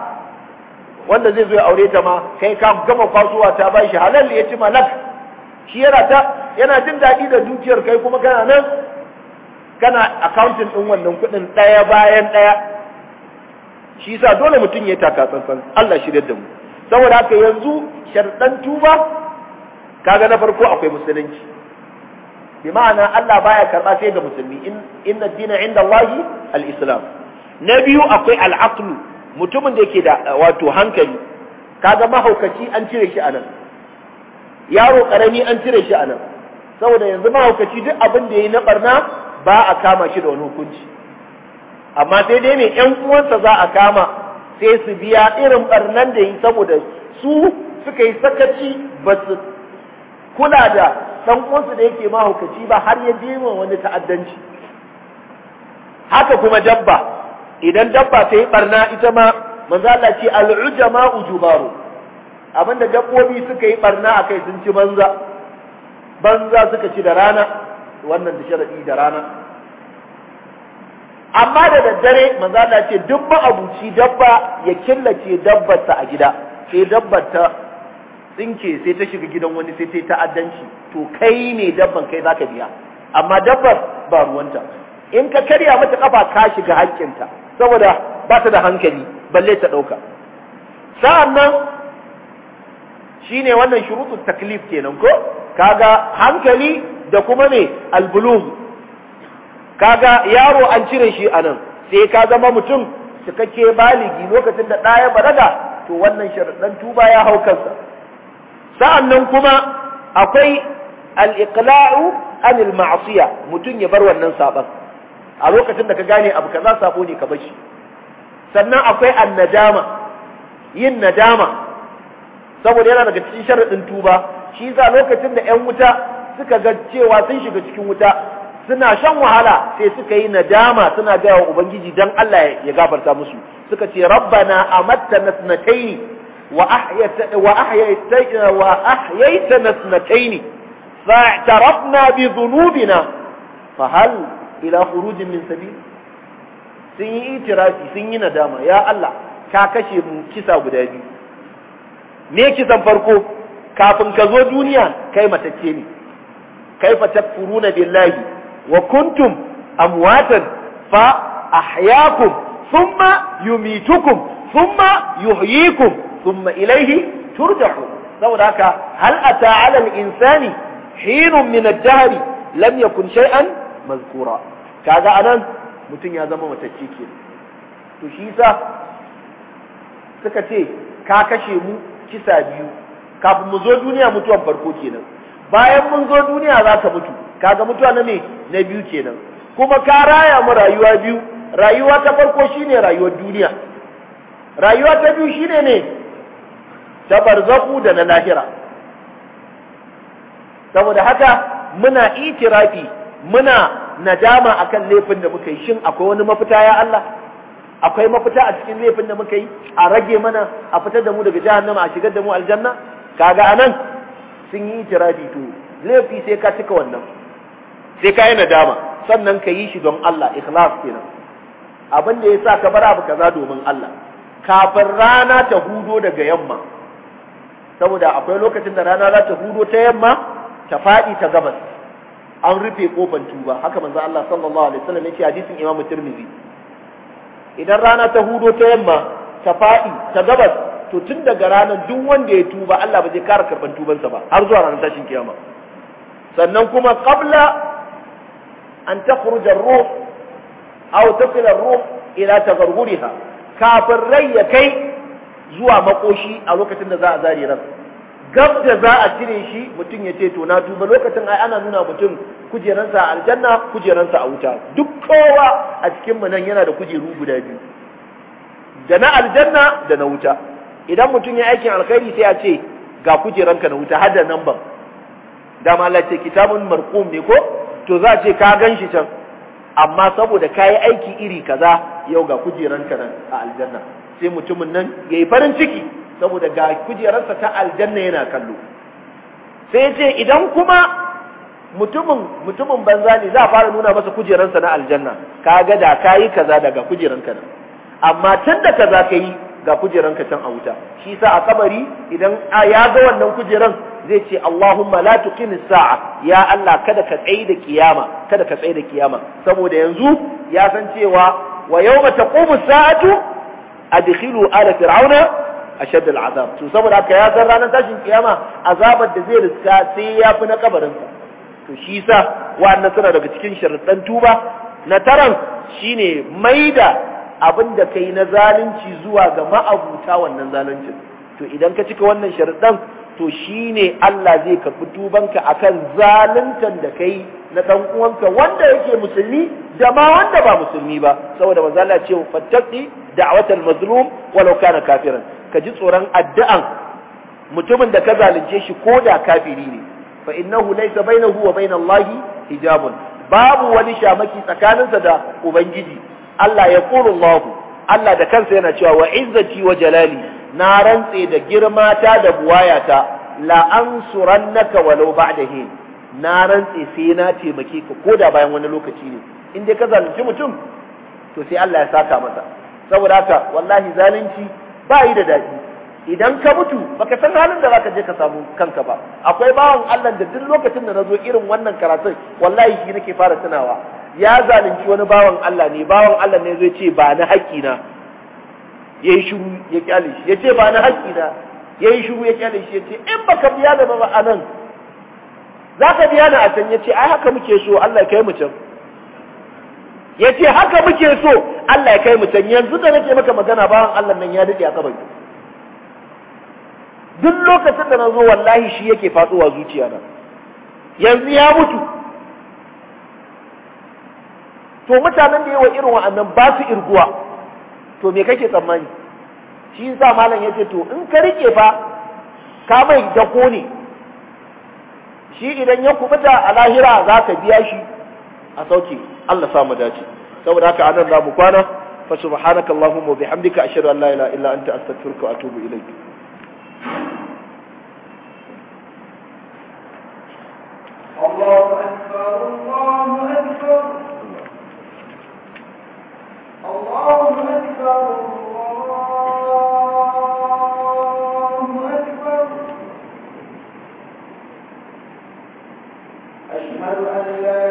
wanda zai zo ya aure ta ma kai ka gama kwasuwa ta ba shi halal ya ci malak shi yana ta yana jin daɗi da dukiyar kai kuma kana nan kana accounting ɗin wannan kuɗin ɗaya bayan ɗaya shi yasa dole mutum ya taka tsantsan Allah shirya da mu saboda haka yanzu sharɗan tuba kaga na farko akwai musulunci bi ma'ana Allah baya karɓa sai ga musulmi inna dina inda Allahi al-islam na biyu akwai al-aqlu mutumin da yake da eh, wato hankali kaga mahaukaci an cire shi anan yaro karami an cire shi anan saboda yanzu mahaukaci duk abin da yayi na barna ba a kama shi da wani hukunci amma sai dai ne ƴan uwansa za a kama sai su biya irin barnan da yi saboda su suka yi sakaci ba su kula da ɗan uwansu da yake mahaukaci ba har ya dima wani ta'addanci haka kuma dabba idan dabba ta yi barna ita ma manzo Allah ce al'ujama ujubaru abinda dabbobi suka yi barna akai sun ci banza banza suka ci da rana wannan da sharadi da rana amma da daddare manzo Allah ce duk abuci dabba ya killace ta a gida sai dabbar ta tsinke sai ta shiga gidan wani sai ta yi ta'addanci to kai ne dabban kai zaka biya amma dabbar ba ruwanta in ka karya mata kafa ka shiga ta saboda ba ta da hankali balle ta ɗauka sa'annan shine wannan shurutu taklif kenan ko kaga hankali da kuma ne albulum kaga yaro an cire shi anan sai ka zama mutum cikakke baligi lokacin da ɗaya balaga to wannan sharaɗan tuba ya hau kansa sa'annan kuma akwai al-iqla'u anil ma'asiya mutum ya bar wannan saban a lokacin da ka gane abu kaza sako ne ka bar shi sannan akwai annadama yin nadama saboda yana daga cikin sharadin tuba shi za lokacin da yan wuta suka ga cewa sun shiga cikin wuta suna shan wahala sai suka yi nadama suna ga wa ubangiji dan Allah ya gafarta musu suka ce rabbana amatta sanataini wa ahyaita wa ahyaita wa ahyaita sanataini fa'tarafna bi dhunubina fa hal ila khurujin min sabil sun yi itirafi sun yi nadama ya Allah ka kashe mu kisa guda biyu me kisan farko kafin ka zo duniya kai matacce ne kaifa takfuruna billahi wa kuntum amwatan fa ahyaakum thumma yumitukum thumma yuhyikum thumma ilayhi turja'un saboda haka hal ata 'ala al-insani hinun min ad-dahr lam yakun shay'an mazkura kaga anan mutum ya zama matacce ke to shi yasa suka ce ka kashe mu kisa biyu kafin mu zo duniya mutuwan farko kenan bayan mun zo duniya za ka mutu kaga mutuwa na me na biyu kenan kuma ka raya mu rayuwa biyu rayuwa ta farko shine rayuwar duniya rayuwa ta biyu shine ne ta barzaku da na lahira saboda haka muna itirafi muna nadama akan laifin da muka yi shin akwai wani mafita ya Allah akwai mafita a cikin laifin da muka yi a rage mana a fitar da mu daga jahannama a shigar da mu aljanna kaga anan sun yi itiradi to laifi sai ka cika wannan sai ka yi nadama sannan ka yi shi don Allah ikhlas kenan abin da yasa ka bar abu kaza domin Allah kafin rana ta hudo daga yamma saboda akwai lokacin da rana za ta hudo ta yamma ta faɗi ta gabas an rufe kofar tuba haka manzo Allah sallallahu alaihi wasallam yace hadisin Imam Tirmidhi idan rana ta hudo ta yamma ta fadi ta gabas to tun daga ranar duk wanda ya tuba Allah ba zai kara karban tubansa ba har zuwa ranar tashin kiyama sannan kuma qabla an takhruja ar-ruh aw tasil ar-ruh ila tagharghuriha kafin rai ya kai zuwa makoshi a lokacin da za a zare ransa gab da za a cire shi mutum ya ce to na tuba lokacin ai ana nuna mutum kujeransa a aljanna kujeransa a wuta duk kowa a cikin mu nan yana da kujeru guda biyu da na aljanna da na wuta idan mutum ya aikin alkhairi sai a ce ga kujeranka na wuta har da nan ban dama Allah ce kitabun marqum ne ko to za a ce ka gan shi can amma saboda kayi aiki iri kaza yau ga kujeranka nan a aljanna sai mutumin nan yayi farin ciki saboda ga kujerarsa ta aljanna yana kallo sai ce idan kuma mutumin mutumin banza ne za a fara nuna masa kujerarsa na aljanna Ka ga da yi kaza daga kujeranka nan amma tun da kaza ka yi ga kujeranka can a wuta shi sa a kabari idan ya ga wannan kujeran zai ce Allahumma la tuqini sa'a ya Allah kada ka tsaye da kiyama kada ka tsaye da kiyama saboda yanzu ya san cewa wa yawma taqumu sa'atu adkhilu ala fir'auna ashad al'azab to saboda haka ya san ranar tashin kiyama azabar da zai riska sai ya fi na kabarin sa to shi sa wa'annan suna daga cikin sharuɗan tuba na taran shine maida abin da kai na zalunci zuwa ga ma'abuta wannan zaluncin to idan ka cika wannan sharuɗan to shine Allah zai karɓi tubanka akan zaluntan da kai na dan uwanka wanda yake musulmi da ma wanda ba musulmi ba saboda manzo Allah ce fattaqi da'watal mazlum walau kana kafiran ka ji tsoron addu'an mutumin da ka zalunce shi ko da kafiri ne fa innahu laysa bainahu wa Allahi hijabun babu wani shamaki tsakaninsa da ubangiji Allah ya qulu Allah Allah da kansa yana cewa wa izzati wa jalali na rantse da girma ta da buwayata la ansurannaka walau da na rantse sai na taimake ka Ko da bayan wani lokaci ne in dai ka zalunci mutum to sai Allah ya saka masa saboda haka wallahi zalunci ba yi da daɗi idan ka mutu baka san halin da zaka je ka samu kanka ba akwai bawan Allah da duk lokacin da nazo irin wannan karatun wallahi shi nake fara tunawa ya zalunci wani bawan Allah ne bawan Allah ne zai ce ba na haƙƙi na yayi shuru ya kyale shi yace ba na haƙƙi na yayi shuru ya kyale shi yace in baka biya da ba anan zaka biya ni a can yace ai haka muke so Allah kai mu can ya ce haka muke so Allah ya kai mu can yanzu da nake maka magana bawan Allah nan ya daɗe a kabari duk lokacin da na zo wallahi shi yake faɗowa zuciya na yanzu ya mutu to mutanen da yawa irin wa'annan ba su irguwa to me kake tsammani shi yasa malam yace to in ka rike fa ka mai dako ne shi idan ya kubuta a lahira za ka biya shi a sauki Allah sa mu dace saboda haka anan za mu kwana fa subhanaka allahumma wa bihamdika ashhadu an la ilaha illa anta astaghfiruka wa atubu ilayk الله أكبر الله أكبر الله أكبر الله أكبر أشهد أن لا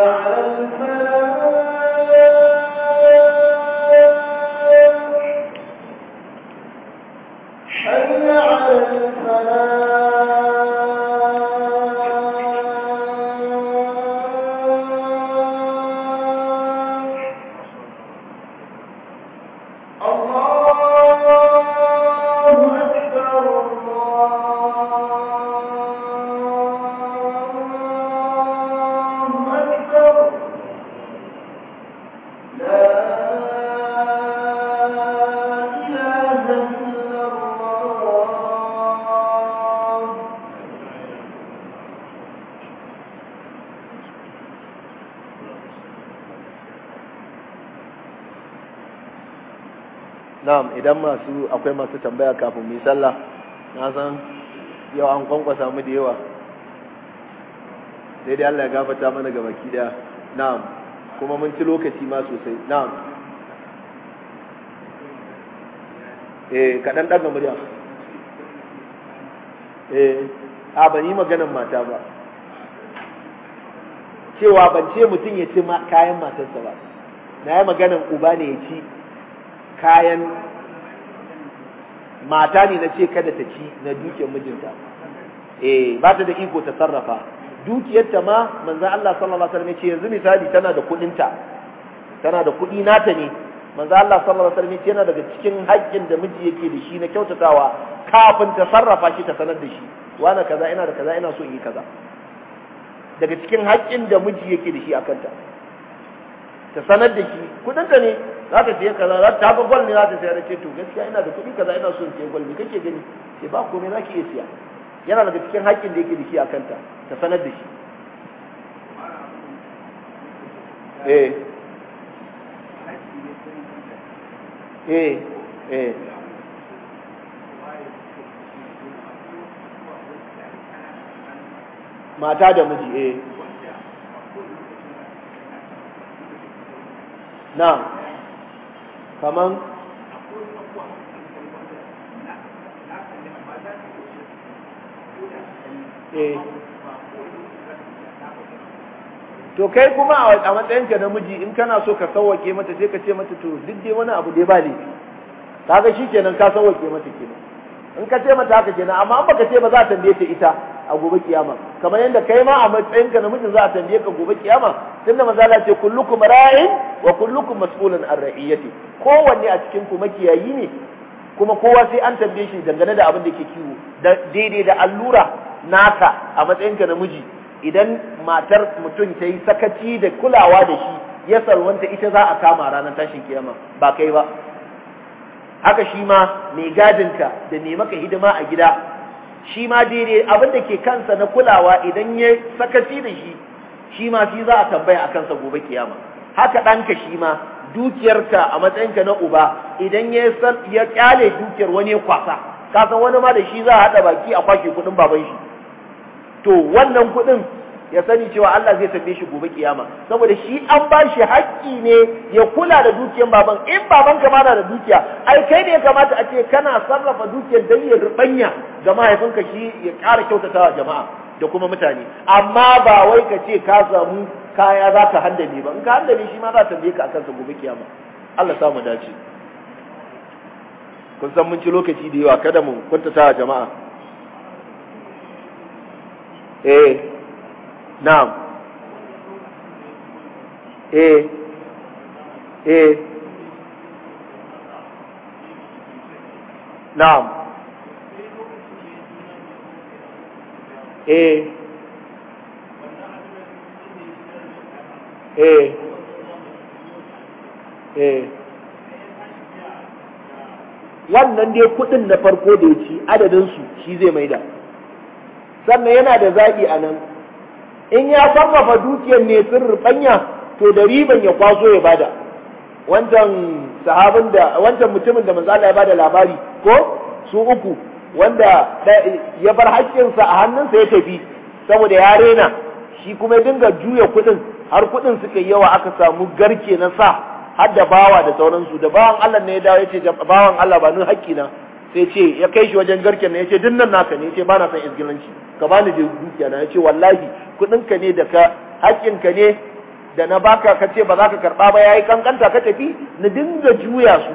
على idan masu akwai masu tambaya kafin mu yi sallah na san yau an kwankwa mu da yawa sai dai Allah ya gafata mana ga baki da na'am kuma mun ci lokaci ma sosai na'am eh kadan daga murya eh a ban yi maganan mata ba cewa ban ce mutum ya ci kayan matarsa ba na yi maganan uba ne ya ci kayan mata ne na ce kada ta ci na dukiyar mijinta eh ba ta da iko ta sarrafa dukiyarta ma manzo Allah sallallahu alaihi wasallam ya ce yanzu misali tana da kudin ta tana da kuɗi nata ne manzo Allah sallallahu alaihi wasallam ya ce yana daga cikin haƙƙin da miji yake da shi na kyautatawa kafin ta sarrafa shi ta sanar da shi wani kaza ina da kaza ina so in yi kaza daga cikin haƙƙin da miji yake da shi akan ta ta sanar da shi kuɗinta ne za ta siya kaza za ta ga gwal ne za ta siya ce to gaskiya ina da kuɗi kaza ina so in siya gwal kake gani sai ba komai za ki iya siya yana daga cikin haƙƙin da yake da shi a kanta ta sanar da shi eh eh eh mata da miji eh na kaman eh. to kai kuma a matsayinka namiji in kana so ka sauwake mata sai ka ce mata to duk dai wani abu dai ba ne kaga shikenan ka sauwake mata kenan in ka ce mata haka kenan amma in baka ce ba za ta tambaye ta ita a gobe kiyama kamar yadda kai ma a matsayin ka namiji za a tambaye ka gobe kiyama tunda maza Allah ce kullukum ra'in wa kullukum mas'ulun an ra'iyati kowanne a cikin ku makiyayi ne kuma kowa sai an tambaye shi dangane da abin da ke kiwo da daidai da allura naka a matsayin ka namiji idan matar mutum ta yi sakaci da kulawa da shi ya salwanta ita za a kama ranar tashin kiyama ba kai ba haka shi ma mai gadinka da mai maka hidima a gida shi ma daidai abin da ke kansa na kulawa idan ya sakaci da shi shi ma shi za a tambaya a kansa gobe kiyama haka ɗanka shi ma dukiyarka a matsayinka na uba idan ya ya kyale dukiyar wani ya kwasa kasan wani ma da shi za a haɗa baki a kwashe kuɗin baban shi to wannan kuɗin ya sani cewa Allah zai tambaye shi gobe kiyama saboda shi an ba shi haƙƙi ne ya kula da dukiyar baban in baban ka da dukiya ai kai ne ya kamata a ce kana sarrafa dukiyar dan ya rubanya ga mahaifinka shi ya ƙara kyautata wa jama'a da kuma mutane amma ba wai ka ce ka samu kaya za ka handame ba in ka handame shi ma za ta tambaye ka akan sa gobe kiyama Allah samu dace kun san mun ci lokaci da yawa kada mu kuntata jama'a eh نعم eh ايه نعم ايه ايه ايه wannan dai kudin na farko da ya ci adadinsu shi zai maida sannan yana da zaɓi a nan in ya sarrafa dukiyar ne sun rubanya to da riban ya kwaso ya bada wancan mutumin da manzo Allah ya bada labari ko su uku wanda ya bar haƙƙinsa a hannunsa ya tafi saboda ya rena shi kuma ya dinga juya kuɗin har kuɗin suka yawa aka samu garke na sa har da bawa da sauransu da bawan Allah ne ya dawo ya ce bawan Allah ba ni haƙƙina sai ce ya kai shi wajen garken na yace dinnan naka ne ce ba na san izgilanci ka bani da dukiya na yace wallahi kudin ka ne da ka haƙƙin ka ne da na baka ka ce ba za ka karba ba yayi kankanta ka tafi na dinga juya su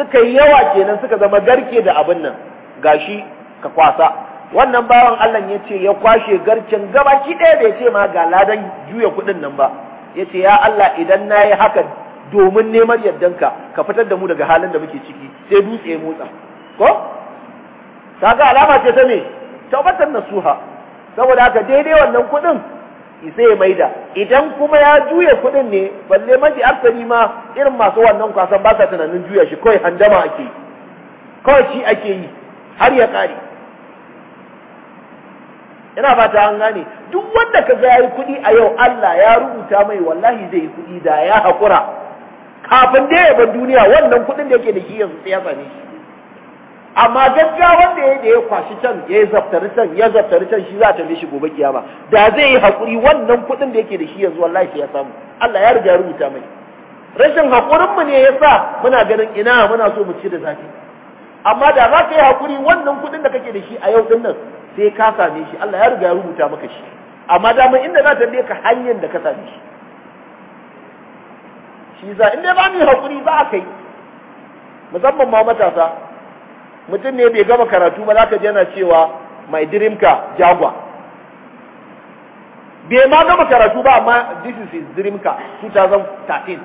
suka yi yawa kenan suka zama garke da abin nan gashi ka kwasa wannan bawan Allah ya ce ya kwashe garken gabaki ɗaya bai ce ma ga ladan juya kuɗin nan ba ya ce ya Allah idan na yi haka domin neman yardanka ka fitar da mu daga halin da muke ciki sai dutse motsa ko kaga alama ce ta me na nasuha saboda haka daidai wannan kuɗin sai ya maida idan kuma ya juya kuɗin ne balle mafi aksari ma irin masu wannan kwasan ba sa tunanin juya shi kawai handama ake yi kawai shi ake yi har ya kare. ina fata an gane duk wanda ka ga yayi kuɗi a yau Allah ya rubuta mai wallahi zai yi kuɗi da ya haƙura kafin da ya ban duniya wannan kuɗin da yake da shi yanzu ya same shi amma gaggawa wanda ya da ya kwashi can ya zaftar can ya zaftar can shi za ta shi gobe kiyama da zai yi hakuri wannan kuɗin da yake da shi yanzu wallahi sai ya samu Allah ya riga rubuta mai rashin hakurin mu ne yasa muna ganin ina muna so mu ci da zafi amma da za ka yi hakuri wannan kuɗin da kake da shi a yau din nan sai ka same shi Allah ya riga ya rubuta maka shi amma mun inda za ta ka hanyar da ka same shi shi za in dai ba mu yi hakuri za a kai musamman ma matasa mutum ne bai gama karatu ba za ka jana yana cewa mai dirimka jagwa bai ma gama karatu ba amma this is his dirimka 2013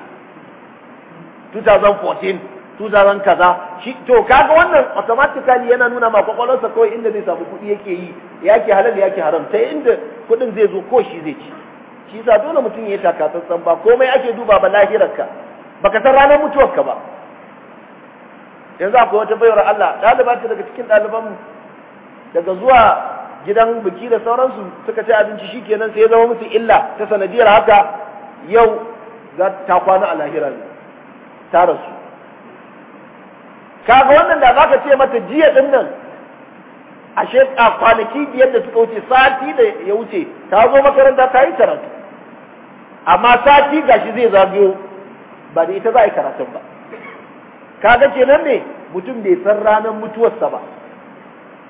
2014 2000 kaza shi to kaga wannan automatically yana nuna ma kwakwalonsa kawai inda zai samu kuɗi yake yi yake halal yake haram ta inda kuɗin zai zo ko shi zai ci shi sa dole mutum ya taka tsantsan ba komai ake duba ba lahirarka ba ka san ranar mutuwarka ba yanzu akwai wata bayar Allah ɗaliba ce daga cikin ɗalibanmu daga zuwa gidan biki da sauransu suka ci abinci shi kenan sai ya zama musu illa ta sanadiyar haka yau za ta kwana a lahira ne ta rasu kaga wannan da za ka ce mata jiya din nan a kwanaki biyar da suka wuce sati da ya wuce ta zo makaranta ta yi karatu amma sati gashi zai zagayo ba da ita za a yi karatun ba kaga kenan ne mutum bai san ranar mutuwarsa ba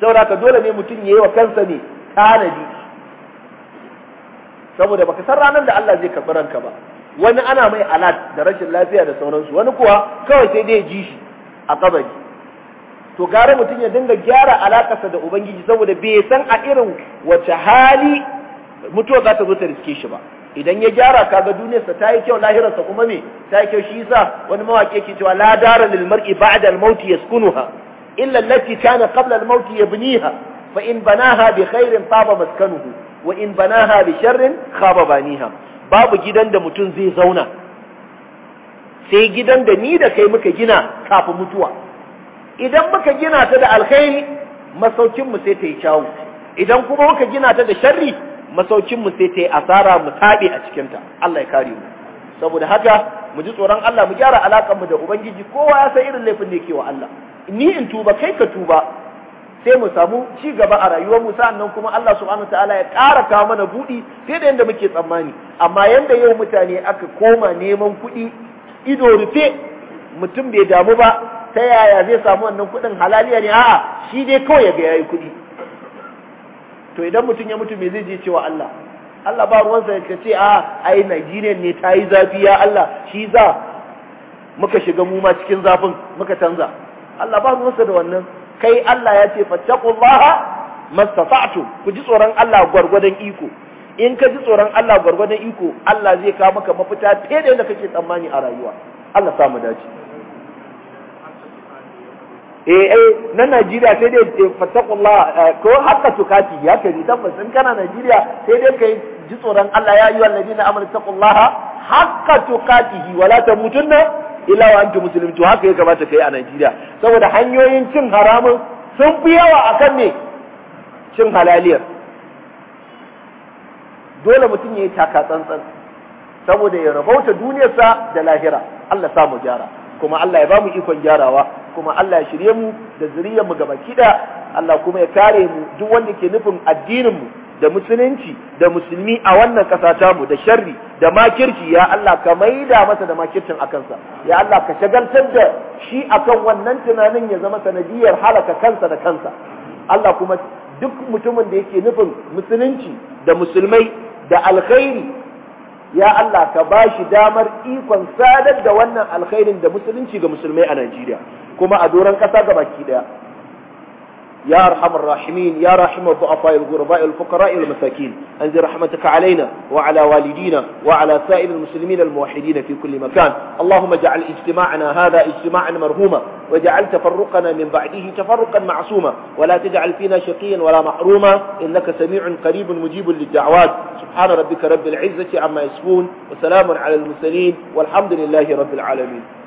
saboda ka dole ne mutum ya yi wa kansa ne tanadi saboda baka san ranar da Allah zai karɓi ranka ba wani ana mai alat da rashin lafiya da sauransu wani kuwa kawai sai dai ji shi a kabari to gara mutum ya dinga gyara alakarsa da ubangiji saboda bai san a irin wace hali mutuwa za ta zo ta riske shi ba idan ya gyara kaga duniyarsa ta yi kyau lahirarsa kuma me ta yi kyau shi yasa wani mawaki yake cewa la dara lil mar'i ba'da al maut yaskunuha illa allati kana qabla al maut yabniha fa in banaha bi khairin taba maskanuhu wa in banaha bi sharrin khaba baniha babu gidan da mutum zai zauna sai gidan da ni da kai muka gina kafin mutuwa idan muka gina ta da alkhairi masaukin mu sai ta yi kyawu idan kuma muka gina ta da sharri masaukin mu sai ta yi asara mu tabe a cikin ta Allah ya kare mu saboda haka mu ji tsoron Allah mu gyara alakan mu da ubangiji kowa ya san irin laifin da yake wa Allah ni in tuba kai ka tuba sai mu samu ci gaba a rayuwar mu annan kuma Allah subhanahu ta'ala ya ƙara kawo mana buɗi sai da yanda muke tsammani amma yanda yau mutane aka koma neman kuɗi ido rufe mutum bai damu ba ta yaya zai samu wannan kuɗin halaliya ne a'a shi dai kawai ya ga yayi kuɗi to idan mutum ya mutu me zai je cewa Allah Allah ba ruwansa ya ce a ai Najeriya ne ta yi zafi ya Allah shi za muka shiga mu ma cikin zafin muka canza Allah ba ruwansa da wannan kai Allah ya ce fattaqullaha mastata'tu ku ji tsoron Allah gwargwadon iko in ka ji tsoron Allah gwargwadon iko Allah zai kawo maka mafita fiye da yadda kake tsammani a rayuwa Allah sa mu dace Eh, eh na Najeriya sai dai eh, fatakullah eh, ko haka tukati ya kari tabbas in kana Najeriya sai dai kai ji tsoron Allah ya yi wallazina amanu taqullaha haka tukatihi wala tamutunna illa wa antum muslimun to haka ya kamata kai a Najeriya saboda hanyoyin cin haramun sun fi yawa akan ne cin halaliyar dole mutum ya yi taka tsantsan saboda ya rabauta duniyarsa da lahira Allah sa mu jara kuma Allah ya ba mu ikon gyarawa kuma Allah ya shirye mu da zuriyar mu gabaki da Allah kuma ya kare mu duk wanda ke nufin addinin mu da musulunci da musulmi a wannan ƙasa ta mu da sharri da makirci ya Allah ka maida masa da makircin akansa ya Allah ka shagaltar da shi akan wannan tunanin ya zama sanadiyar halaka kansa da kansa Allah kuma duk mutumin da yake nufin musulunci da musulmai da alkhairi ya Allah ka ba shi damar ikon sadar da wannan alkhairin da musulunci ga musulmai a Najeriya kuma a doron ƙasa ga baki ɗaya يا أرحم الراحمين يا راحم الضعفاء الغرباء الفقراء المساكين أنزل رحمتك علينا وعلى والدينا وعلى سائر المسلمين الموحدين في كل مكان اللهم اجعل اجتماعنا هذا اجتماعا مرهوما واجعل تفرقنا من بعده تفرقا معصوما ولا تجعل فينا شقيا ولا محروما إنك سميع قريب مجيب للدعوات سبحان ربك رب العزة عما يصفون وسلام على المرسلين والحمد لله رب العالمين